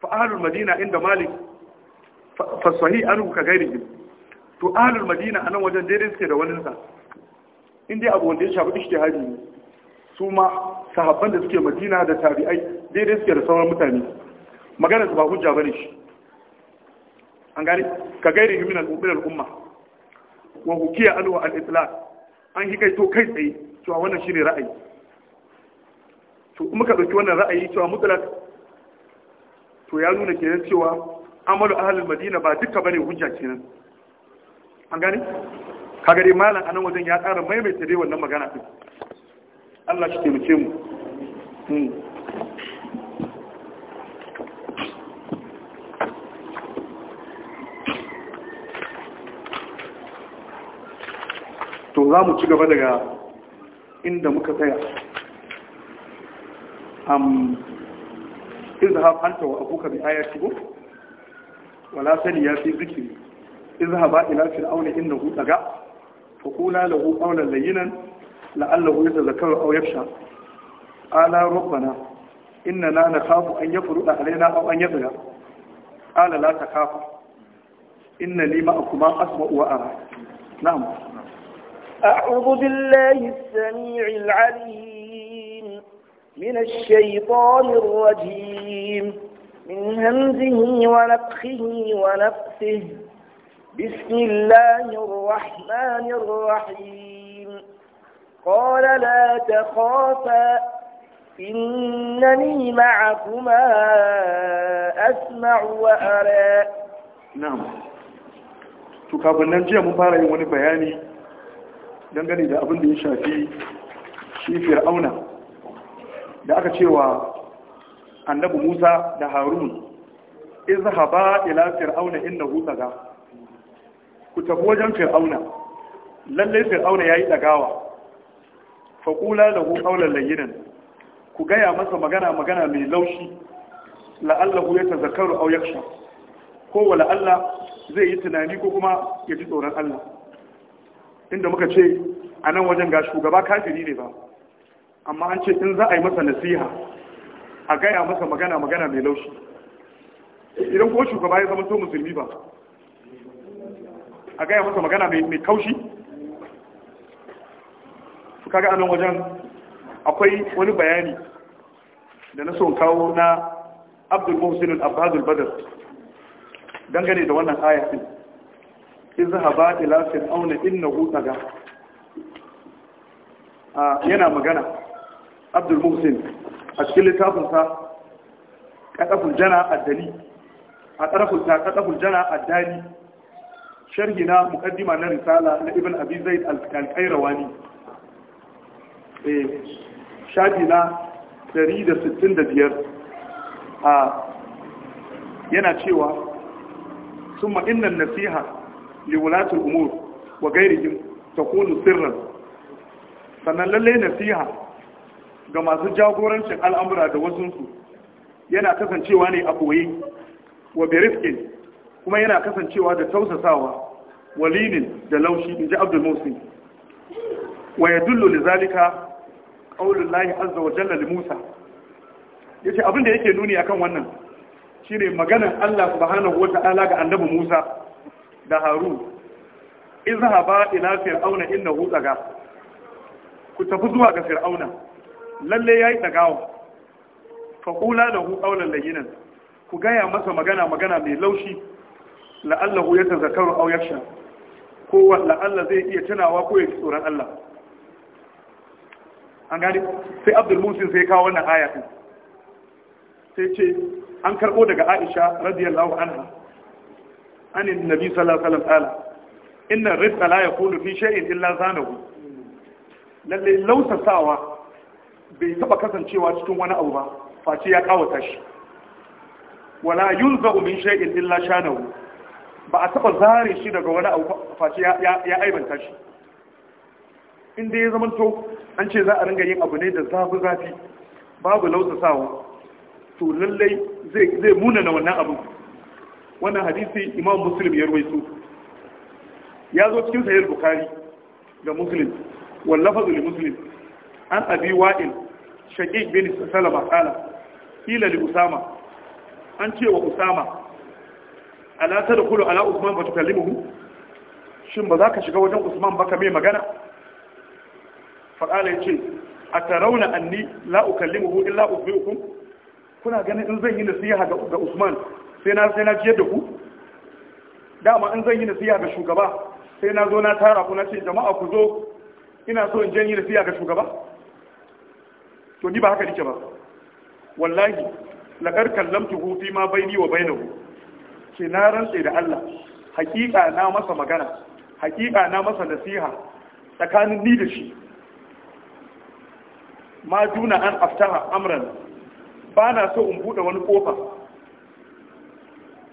fa ahlul madina inda malik fa sahih anhu ka gairi to ahlul madina a nan wajen daidai suke da waninsa in dai abu wanda ya shafi ishtihadi ne su ma sahabban da suke madina da tabi'ai daidai suke da sauran mutane magana su ba hujja bane shi an gani ka gairi min al al'umma wa hukiya alwa al-itlaq an to kai tsaye cewa wannan shine ra'ayi to muka dauki wannan ra'ayi cewa mutlaq to ya nuna kenan cewa amalu ahlul madina ba duka bane hujja kenan an gane kaga dai malam anan wajen ya tsara maimaita dai wannan magana din Allah shi taimake mu hmm. to za mu ci gaba daga inda muka tsaya am izhab anta wa abuka bi ayati wala sani ya fi zikri اذهبا إلى فرعون إنه تقع فقولا له قولا لينا لعله يتذكر أو يخشى قال ربنا إننا نخاف أن يفرق علينا أو أن يبلغ قال لا تخاف إن لي معكما أسمع وأرى نعم أعوذ بالله السميع العليم من الشيطان الرجيم من همزه ونفخه ونفسه بسم الله الرحمن الرحيم قال لا تخافا إنني معكما أسمع وأرى نعم to kafin nan jiya mun fara yin wani bayani dangane da abin da ya shafi shi fir'auna da aka cewa annabi musa da harun izhaba ila fir'auna innahu taga ku tafi wajen fir'auna lalle fir'auna yayi dagawa fa qula lahu qawlan layyinan ku gaya masa magana magana mai laushi la'allahu yatazakkaru aw yakhsha ko wala Allah zai yi tunani ko kuma ya ji tsoron Allah inda muka ce a nan wajen ga shugaba kafiri ne ba amma an ce in za a yi masa nasiha a gaya masa magana magana mai laushi idan ko shugaba ya zama to musulmi ba a gaya masa magana mai kaushi su kaga anan wajen akwai wani bayani da na son kawo na abdul musulun abbazul badar dangane da wannan ayatun in zaha ba ila fir'auna inna hutaga yana magana abdul musulun a cikin littafinsa kadaful jana addali a kadaful jana addali sharhi na mukaddima na risala na ibn abi zaid al-qayrawani eh shafi na 165 a yana cewa summa inna nasiha li wulatul umur wa ghayrihim takunu sirran sannan lalle nasiha ga masu jagorancin al'amura da wasunsu yana kasancewa ne a koyi wa beriskin kuma yana kasancewa da tausasawa walinin da laushi in ji abdul musin wa ya dullo da zalika ƙaunin layi azza wa jalla da musa ya ce abinda yake nuni akan wannan shi ne allah subhanahu wa ta'ala ga annabi musa da haru in zaha ba ila fir'auna inna hu tsaga ku tafi zuwa ga fir'auna lalle ya yi tsagawa kula da hu ƙaunar layinan ku gaya masa magana magana mai laushi la'allahu ya tazakaru au ko Allah zai iya tunawa ko ya fi tsoron Allah an gani sai abdul musin sai kawo wannan ayatu sai ce an karɓo daga aisha radiyallahu anha anin nabi sallallahu alaihi wasallam inna rizqa la yakunu fi shay'in illa zanahu lalle lausasawa bai taba kasancewa cikin wani abu ba face ya kawata shi wala yunzu min shay'in illa shanahu ba a taɓa zare shi daga wani abu face ya aibanta shi inda ya zamanto an ce za a ringa yin abu ne da zafi zafi babu lausa sawa, to lallai zai muna na wannan abu wannan hadisi imam muslim ya ruwaito ya zo cikin sayar bukari ga muslim wallafa zuli muslim an abi wa'il shaƙi bin salama ƙala ila li usama an ce wa usama ala tadkhulu ala usman ba mu? shin ba za ka shiga wajen usman ba ka mai magana faqala yace atarawna anni la ukallimuhu illa ubiukum kuna ganin in zan yi nasiha ga usman sai na sai na ji da ku dama in zan yi nasiha ga shugaba sai na zo na tara ku na ce jama'a ku zo ina so in je yi nasiha ga shugaba to ni ba haka nake ba wallahi laqad kallamtuhu fi ma baini wa bainahu ce na rantse da Allah hakika na masa magana hakika na masa nasiha tsakanin ni da shi ma duna an aftaha amran ba na so in bude wani kofa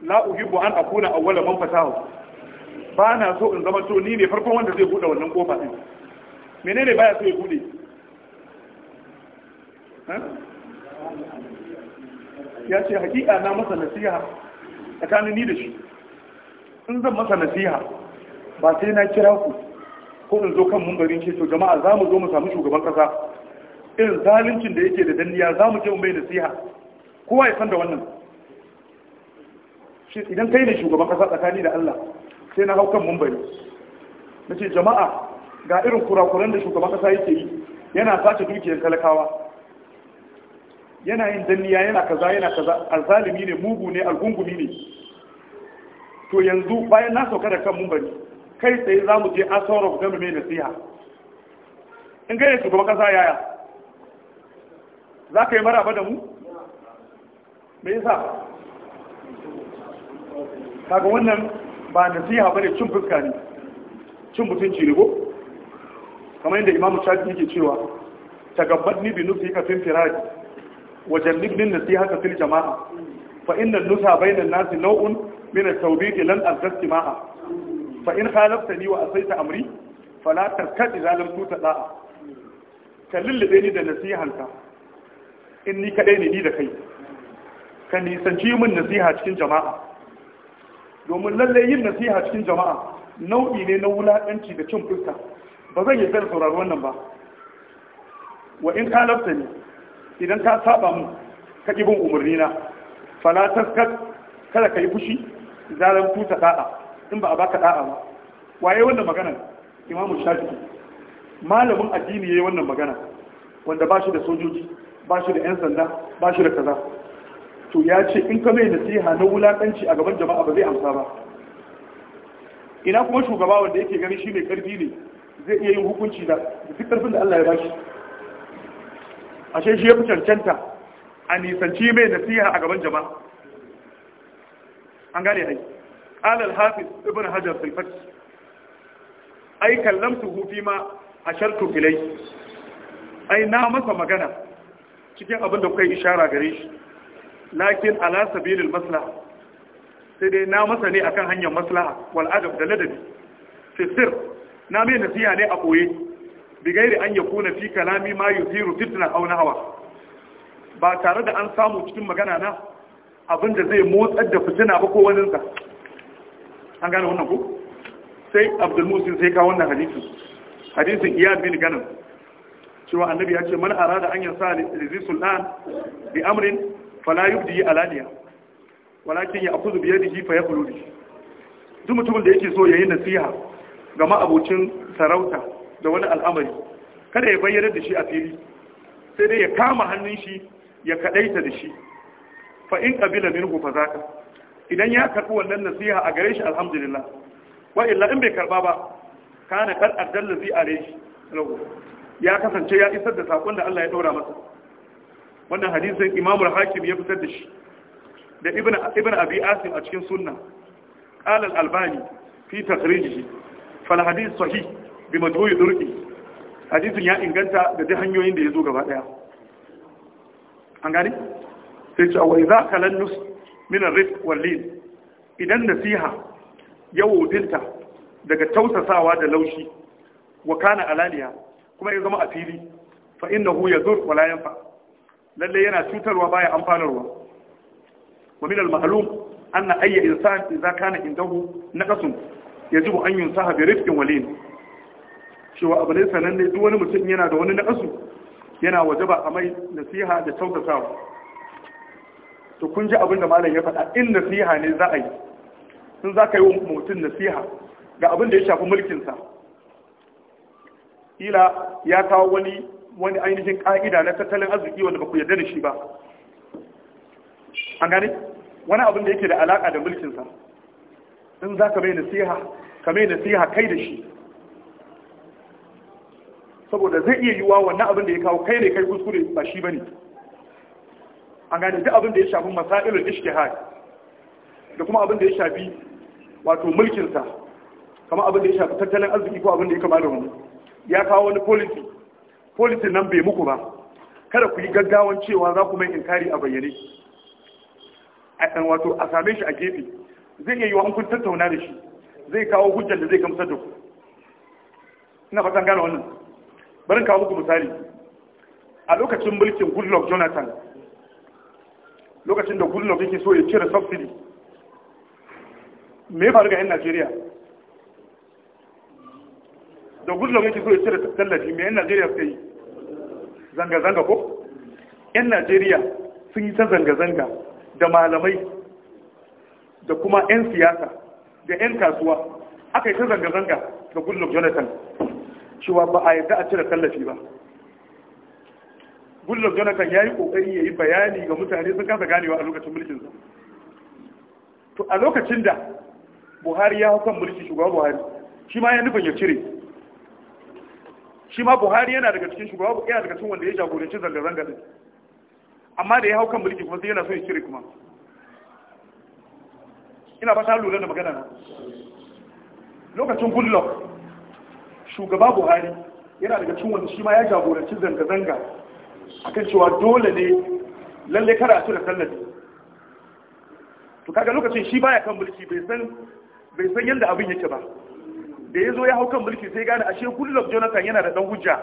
la uhibbu an akuna awwala man fatahu ba na so in zama to ni ne farkon wanda zai bude wannan kofa din menene baya so ya bude ya ce hakika na masa nasiha tsakanin ni da shi in zan masa nasiha ba sai na kira ku ko in zo kan mumbarin ce to jama'a za mu zo mu samu shugaban kasa irin zaluncin da yake da danniya za mu je mu mai nasiha kowa ya san da wannan idan kai ne shugaban kasa tsakani da Allah sai na hau kan mumbari na ce jama'a ga irin kurakuran da shugaban kasa yake yi yana sace dukiyar talakawa yana yin danniya yana kaza yana kaza alzalimi ne mugu ne algungumi ne to yanzu bayan na sauka da kan bari, kai tsaye za mu je asawar of mai nasiha in su kuma kasa yaya za ka yi maraba da mu? me yasa kaga wannan ba nasiha bane cin fuska ne cin mutunci ne ko kamar yadda imamu shafi yake cewa tagabbat ni bi nufi ka wajen nufin nasiha ka fil jama'a fa inna nusa bainan nasi nau'un من التوبيخ لن أرتدت معها فإن خالفتني وأصيت أمري فلا تركت إذا لم تتلاها كاللذين دا نسيحنك إني كديني دي دكي كان يسنجي من نسيحة cikin jama'a domin lallai yin nasiha cikin jama'a nau'i ne na wulaƙanci da cin fuska ba zan yi zan saurari wannan ba wa in ka lafta idan ka saba mu ka ƙi bin umarnina falataskat kada ka yi fushi zaran kusa da'a in ba a baka da'a ba waye wannan magana imamu shafi malamin addini yayi wannan magana wanda ba shi da sojoji ba shi da 'yan sanda ba shi da kaza to ya ce in ka mai nasiha na wulakanci a gaban jama'a ba zai amsa ba ina kuma shugaba wanda yake gani shi mai ƙarfi ne zai iya yin hukunci da duk karfin da Allah ya bashi ashe shi ya fi cancanta a nisanci mai nasiha a gaban jama'a an gane dai Alal hafiz ibn hajar fil fath ai kallamtuhu fi ma ashartu ilai ai na masa magana cikin abin da kuka yi ishara gare shi lakin ala sabilil maslaha sai dai na masa ne akan hanyar maslaha wal adab da ladabi fi na mai nasiha ne a koye bi gairi ya kuna fi kalami ma yuziru fitna aw nahwa ba tare da an samu cikin magana na abin da zai motsar da fitina ba ko waninsa an gane wannan ku sai abdul musin sai ka wannan hadisi hadisi iyad bin ganin cewa annabi ya ce man arada an yansa lizi sultan bi amrin fala yubdi alaniya walakin ya'khudhu bi yadihi fa yaqulu li duk mutumin da yake so yayin nasiha ga ma'abocin sarauta da wani al'amari kada ya bayyana da shi a fili sai dai ya kama hannun shi ya kadaita da shi fa in qabila minhu fa zaka idan ya karbi wannan nasiha a gare shi alhamdulillah wa illa in bai karba ba kana kad addallazi alayhi lahu ya kasance ya isar da sakon da Allah ya daura masa wannan hadisin Imam al-Hakim ya fitar da shi da Ibn Ibn Abi Asim a cikin sunna qala al-Albani fi takhrijihi fal hadith sahih bi durqi hadisin ya inganta da duk hanyoyin da ya zo gaba daya an gani sai ce wai za ka lannus min rit wallin idan nasiha ya wudinta daga tausasawa da laushi wa kana alaniya kuma ya zama a fili fa innahu yadur wa la yanfa lalle yana cutarwa baya amfanarwa wa min al-ma'lum anna ayya insan idza kana indahu naqasun yajibu an yunsaha bi rifqin walin cewa abu ne sananne duk wani mutum yana da wani naqasu yana wajaba a mai nasiha da tausasawa to kun ji abin da malam ya faɗa in nasiha ne za a yi sun za ka yi wa mutum nasiha ga abin da ya shafi mulkinsa ila ya kawo wani wani ainihin ƙa'ida na tattalin arziki wanda ba ku yarda da shi ba an gane wani abin da yake da alaƙa da mulkinsa in za ka mai nasiha ka mai nasiha kai da shi saboda zai iya yiwuwa wannan abin da ya kawo kai ne kai kuskure ba shi ba ne an gane duk abin da ya shafi masailul ishtihad da kuma abin da ya shafi wato mulkin sa kamar abin da ya shafi tattalin arziki ko abin da ya kama da wani ya kawo wani policy policy nan bai muku ba kada ku yi gaggawan cewa za ku mai inkari a bayyane a wato a same shi a gefe zai iya yi wa hankun tattauna da shi zai kawo hujjar da zai gamsar da ku ina fatan gane wannan barin kawo muku misali a lokacin mulkin goodluck jonathan lokacin da gudunar kake so ya cire subsidi me ya faru ga 'yan najeriya da gudunar kake so ya cire tallafi me 'yan najeriya su yi zanga-zanga ko 'yan najeriya sun yi ta zanga-zanga da malamai da kuma 'yan siyasa da 'yan kasuwa aka yi ta zanga-zanga da gudunar jonathan cewa ba a yadda a cire tallafi ba goodluck jonathan ya yi kokari ya yi bayani ga mutane sun kasa ganewa a lokacin mulkinsa to a lokacin da buhari ya hau kan mulki shugaba buhari shi ma ya nufin ya cire shi ma buhari yana daga cikin shugaba yana daga cikin wanda ya jagoranci zanga-zanga din amma da ya hau kan mulki kuma sai yana so ya cire kuma ina ba ta lura da magana na lokacin goodluck shugaba buhari yana daga cikin wanda shi ma ya jagoranci zanga-zanga akan cewa dole ne lalle kada a cire tallafi to kaga lokacin shi baya kan mulki bai san bai san yadda abin yake ba da ya zo ya hau kan mulki sai gane ashe kullum jonathan yana da dan hujja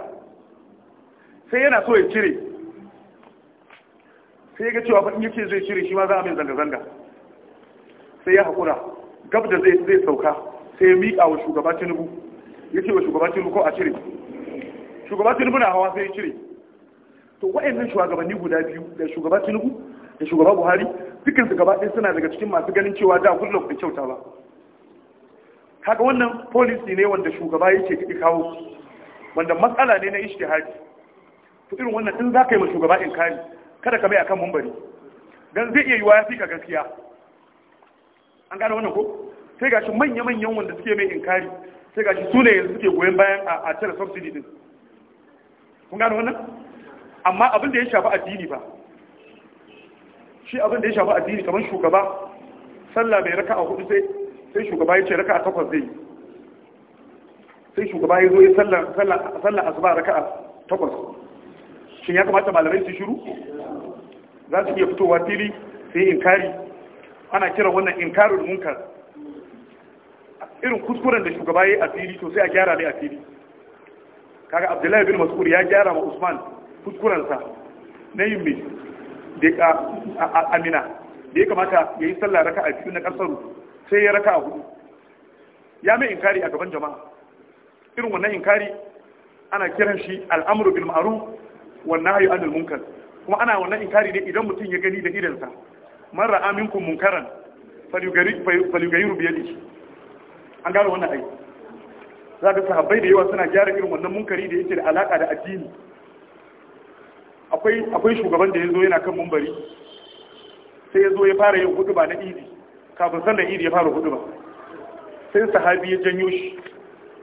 sai yana so ya cire sai ga cewa in yake zai cire shi ma za a min zanga-zanga sai ya haƙura gab da zai zai sauka sai ya miƙa wa shugaba tinubu ya ce wa shugaba tinubu ko a cire shugaba tinubu na hawa sai ya cire to wa'annan shugabanni guda biyu da shugaba tinubu da shugaba buhari dukkan su gaba ɗaya suna daga cikin masu ganin cewa da kullum da kyauta ba kaga wannan policy ne wanda shugaba yake kiki kawo wanda matsala ne na ishtihadi to irin wannan din ka yi ma shugaba in kari kada ka mai akan mumbari dan zai iya yiwa ya fika gaskiya an gane wannan ko sai gashi manya manyan wanda suke mai inkari sai gashi su ne suke goyen bayan a cire subsidy din kun gane wannan amma abin da ya shafi addini ba shi abin da ya shafi addini kamar shugaba sallah mai raka a hudu sai sai shugaba ya ce raka a takwas zai sai shugaba ya zo ya sallah asuba raka a takwas shin ya kamata malamai su shiru za su iya fitowa fili sai inkari ana kiran wannan inkarin munkar irin kuskuren da shugaba ya yi a fili to sai a gyara ne a fili kaga abdullahi bin mas'ud ya gyara ma usman kuskurensa na yin mai da amina da ya kamata ya yi sallah raka a biyu na ƙasar sai ya raka a hudu ya mai inkari a gaban jama'a irin wannan inkari ana kiran shi al'amuru bil ma'ruf wannan nahyu anil munkar kuma ana wannan inkari ne idan mutum ya gani da idansa man ra'a minkum munkaran falyughayiru bi yadihi an gano wannan Za zaka sahabbai da yawa suna gyara irin wannan munkari da yake da alaka da addini akwai shugaban da ya zo yana kan mumbari sai ya zo ya fara yin hudu ba na idi kafin sannan idi ya fara hudu ba sai sahabi ya janyo shi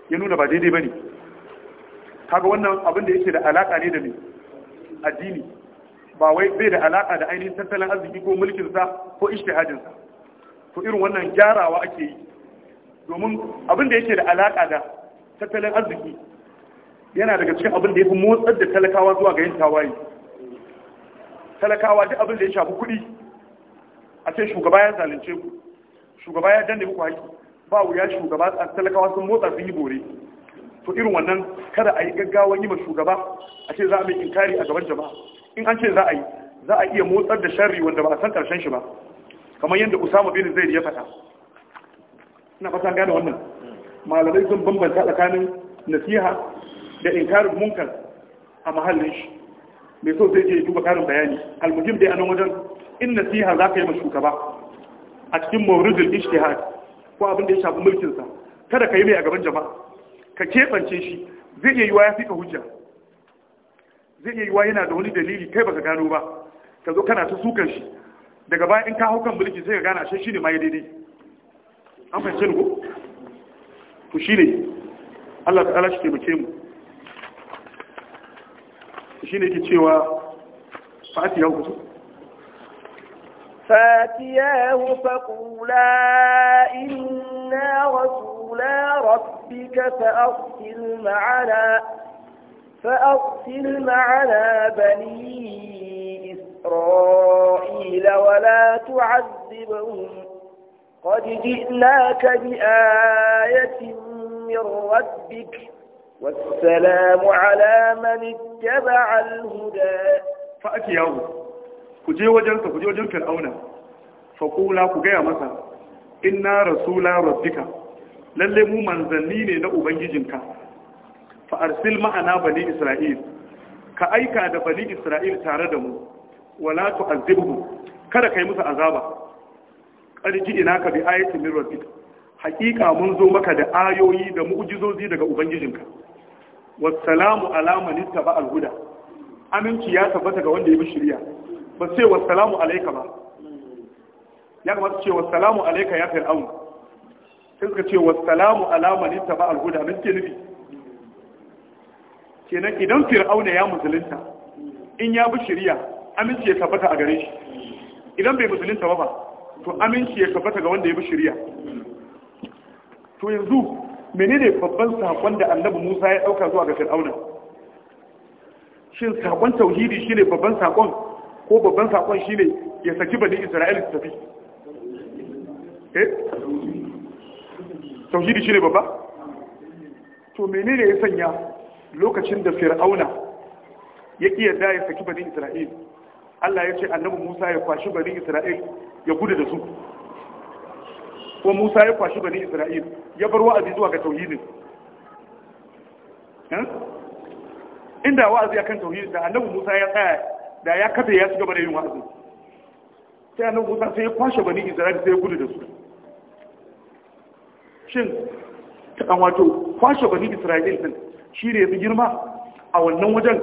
ya nuna ba daidai ba ne kaga wannan abin da yake da alaƙa ne da mai addini ba wai bai da alaƙa da ainihin tattalin arziki ko mulkinsa ko ishtihadinsa to irin wannan gyarawa ake yi domin abin da yake da alaƙa da tattalin arziki yana daga cikin abin da ya fi motsar da talakawa zuwa ga yin tawaye talakawa duk abin da ya shafi kuɗi a ce shugaba ya zalunce ku shugaba ya danne muku haƙi ba wuya shugaba talakawa sun motsa sun yi bore to irin wannan kada a yi gaggawan yi ma shugaba a ce za a mai inkari a gaban jama'a in an ce za a yi za a iya motsar da sharri wanda ba a san karshen shi ba kamar yadda usama bin zaid ya faɗa ina fata gane wannan malamai sun bambanta tsakanin nasiha da inkarin munkar a mahallin shi mai so zai je duba karin bayani almuhim dai a nan wajen in nasiha za ka yi ma ba. a cikin mawridul ishtihad ko abin da ya shafi mulkin sa kada ka yi mai a gaban jama'a ka kebance shi zai iya yiwa ya fika hujja zai iya yiwa yana da wani dalili kai baka gano ba ka zo kana ta sukan shi daga baya in ka hau kan mulki sai ka gana shi shine ma ya daidai an fahimci ko to shine Allah ta'ala shi ke mu shine yake فاتياه فقولا إنا رسولا ربك فأرسل معنا فأرسل معنا بني إسرائيل ولا تعذبهم قد جئناك بآية من ربك والسلام على من اتبع الهدى فأتياه كجي وجنك كجي وجنك الأولى فقولا كجي مسا إنا رسول ربك للي مو منزلين لأبنججنك فأرسل معنا بني إسرائيل كأيكا بني إسرائيل تاردمو ولا تعذبهم kada ka yi musu azaba ƙarji ina ka bi ayatin min rabbika hakika mun zo maka da ayoyi da mu'jizozi daga ubangijinka wassalamu ala man ittaba aminci ya tabbata ga wanda ya bi shari'a ba sai wassalamu alayka ba ya kamata ce wassalamu alayka ya fir'aun sai suka ce wassalamu ala man ittaba al-huda min ke nufi kenan idan fir'auna ya musulunta in ya bi shirya aminci ya tabbata a gare shi idan bai musulunta ba ba, to aminci ya tabbata ga wanda ya bi shari'a to yanzu menene babban sakon da annabi Musa ya dauka zuwa ga Fir'auna shin sakon tauhidi shine babban sakon ko babban sakon shine ya saki bani Isra'ila su tafi eh tauhidi shine babba to menene ya sanya lokacin da Fir'auna ya yadda ya saki bani Isra'ila Allah ya ce annabi Musa ya kwashi bani Isra'ila ya gudu da su ko Musa ya kwashi bani Isra'il ya bar wa'azi zuwa ga tauhidin eh? inda wa'azi akan tauhidin da annabi Musa ya tsaya da ya kafe ya shiga bare yin wa'azi sai annabi Musa sai ya kwashe bani Isra'il sai ya gudu da su shin ta wato kwashe bani Isra'il din shi ne yafi girma a wannan wajen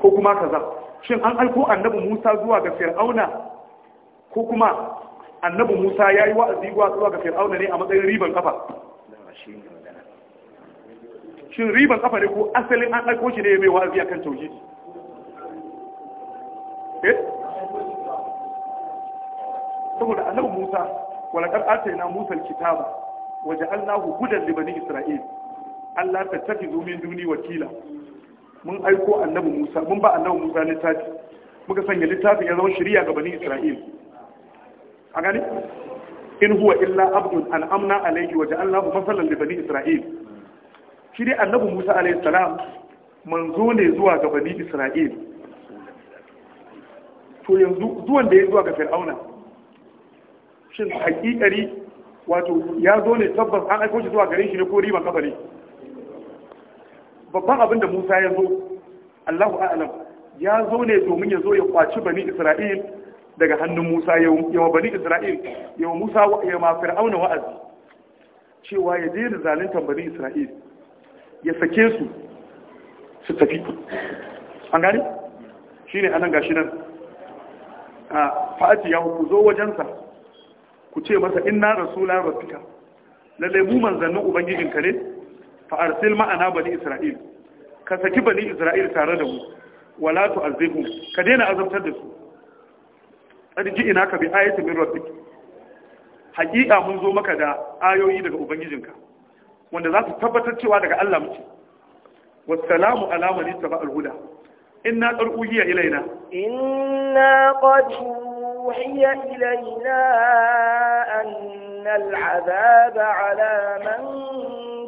ko kuma kaza shin an aiko annabi Musa zuwa ga Fir'auna ko kuma annabi Musa ya yi wa'azi zuwa ga Fir'auna ne a matsayin riban kafa shin riban kafa ne ko asalin an aiko shi ne mai wa'azi a kan tauhidi eh saboda annabi Musa walaqad na Musa kitaba waje Allah hudan li bani Isra'il Allah ta tafi min duni wakila mun aiko annabi Musa mun ba annabi Musa littafi muka sanya littafin ya zama shirya ga bani Isra'il a gani in huwa illa abdun al'amna alayhi wa hu masalan li bani isra'il shi dai annabi Musa alaihi salam manzo ne zuwa ga bani isra'il to yanzu zuwan da ya zuwa ga fir'auna shin hakikari wato ya zo ne tabbas an aiko shi zuwa gare shi ne ko riban ne? babban abin da Musa ya zo Allahu a'lam ya zo ne domin ya zo ya kwaci bani Isra'il daga hannun Musa yawa bani Isra'il yawa Musa yawa Fir'auna wa'azi cewa ya je da zaluntar bani Isra'il ya sake su su tafi an gani shine anan gashi nan a fa'ati ya ku zo wajensa ku ce masa inna rasula rabbika lalle mu manzannin ubangijinka ne fa arsil ma'ana bani Isra'il ka saki bani Isra'il tare da mu wala tu'azibhum ka daina azabtar da su ƙarji ina ka bi ayyata min rabbi haƙiƙa mun zo maka da ayoyi daga ubangijinka wanda za su tabbatar cewa daga Allah muke wassalamu ala man ittaba al-huda inna qad uhiya ilaina inna qad uhiya ilaina an al-'adaba ala man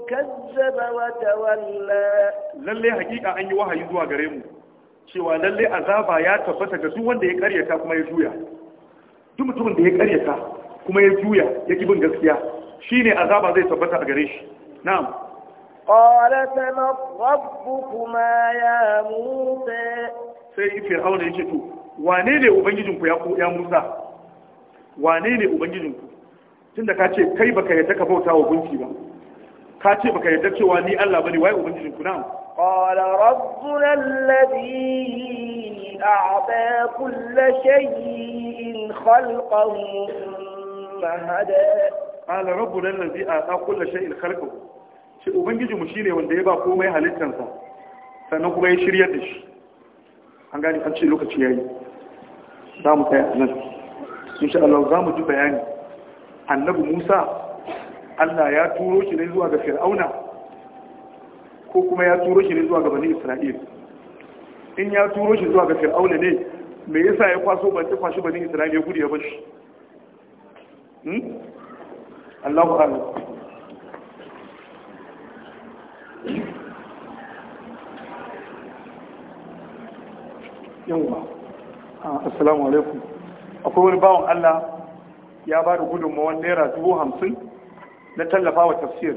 kazzaba wa tawalla lalle haƙiƙa an yi wahayi zuwa gare mu cewa lalle azaba ya tabbata ga duk wanda ya karyata kuma ya juya duk mutumin da ya karyata kuma ya juya ya kibin gaskiya shine azaba zai tabbata a gare shi na'am qala sama rabbukuma ya musa sai fir'auna yake to wane ne ubangijinku ya ya musa wane ne ubangijinku tunda ka ce kai baka yadda ka bauta wa gunki ba ka ce baka yadda cewa ni Allah bane wai ubangijinku na'am قال ربنا الذي أعطى كل شيء خلقه ثم هدى قال ربنا الذي أعطى كل شيء خلقه shi ubangiji mu ne wanda ya ba komai halittansa sannan kuma ya shirya da shi an gani an ce lokaci yayi za mu tsaya nan insha Allah za mu ji bayani annabi Musa Allah ya turo shi ne zuwa ga Fir'auna ko kuma ya turo shi ne zuwa ga bani isra'il in ya turo shi zuwa ga fir'auna ne me yasa ya kwaso ban ta kwashi bani isra'il ya gudu ya bashi hmm? Allahu a'lam yawa ah, assalamu alaikum akwai wani bawan Allah ya ba da gudunmawar naira dubu hamsin na tallafa wa tafsir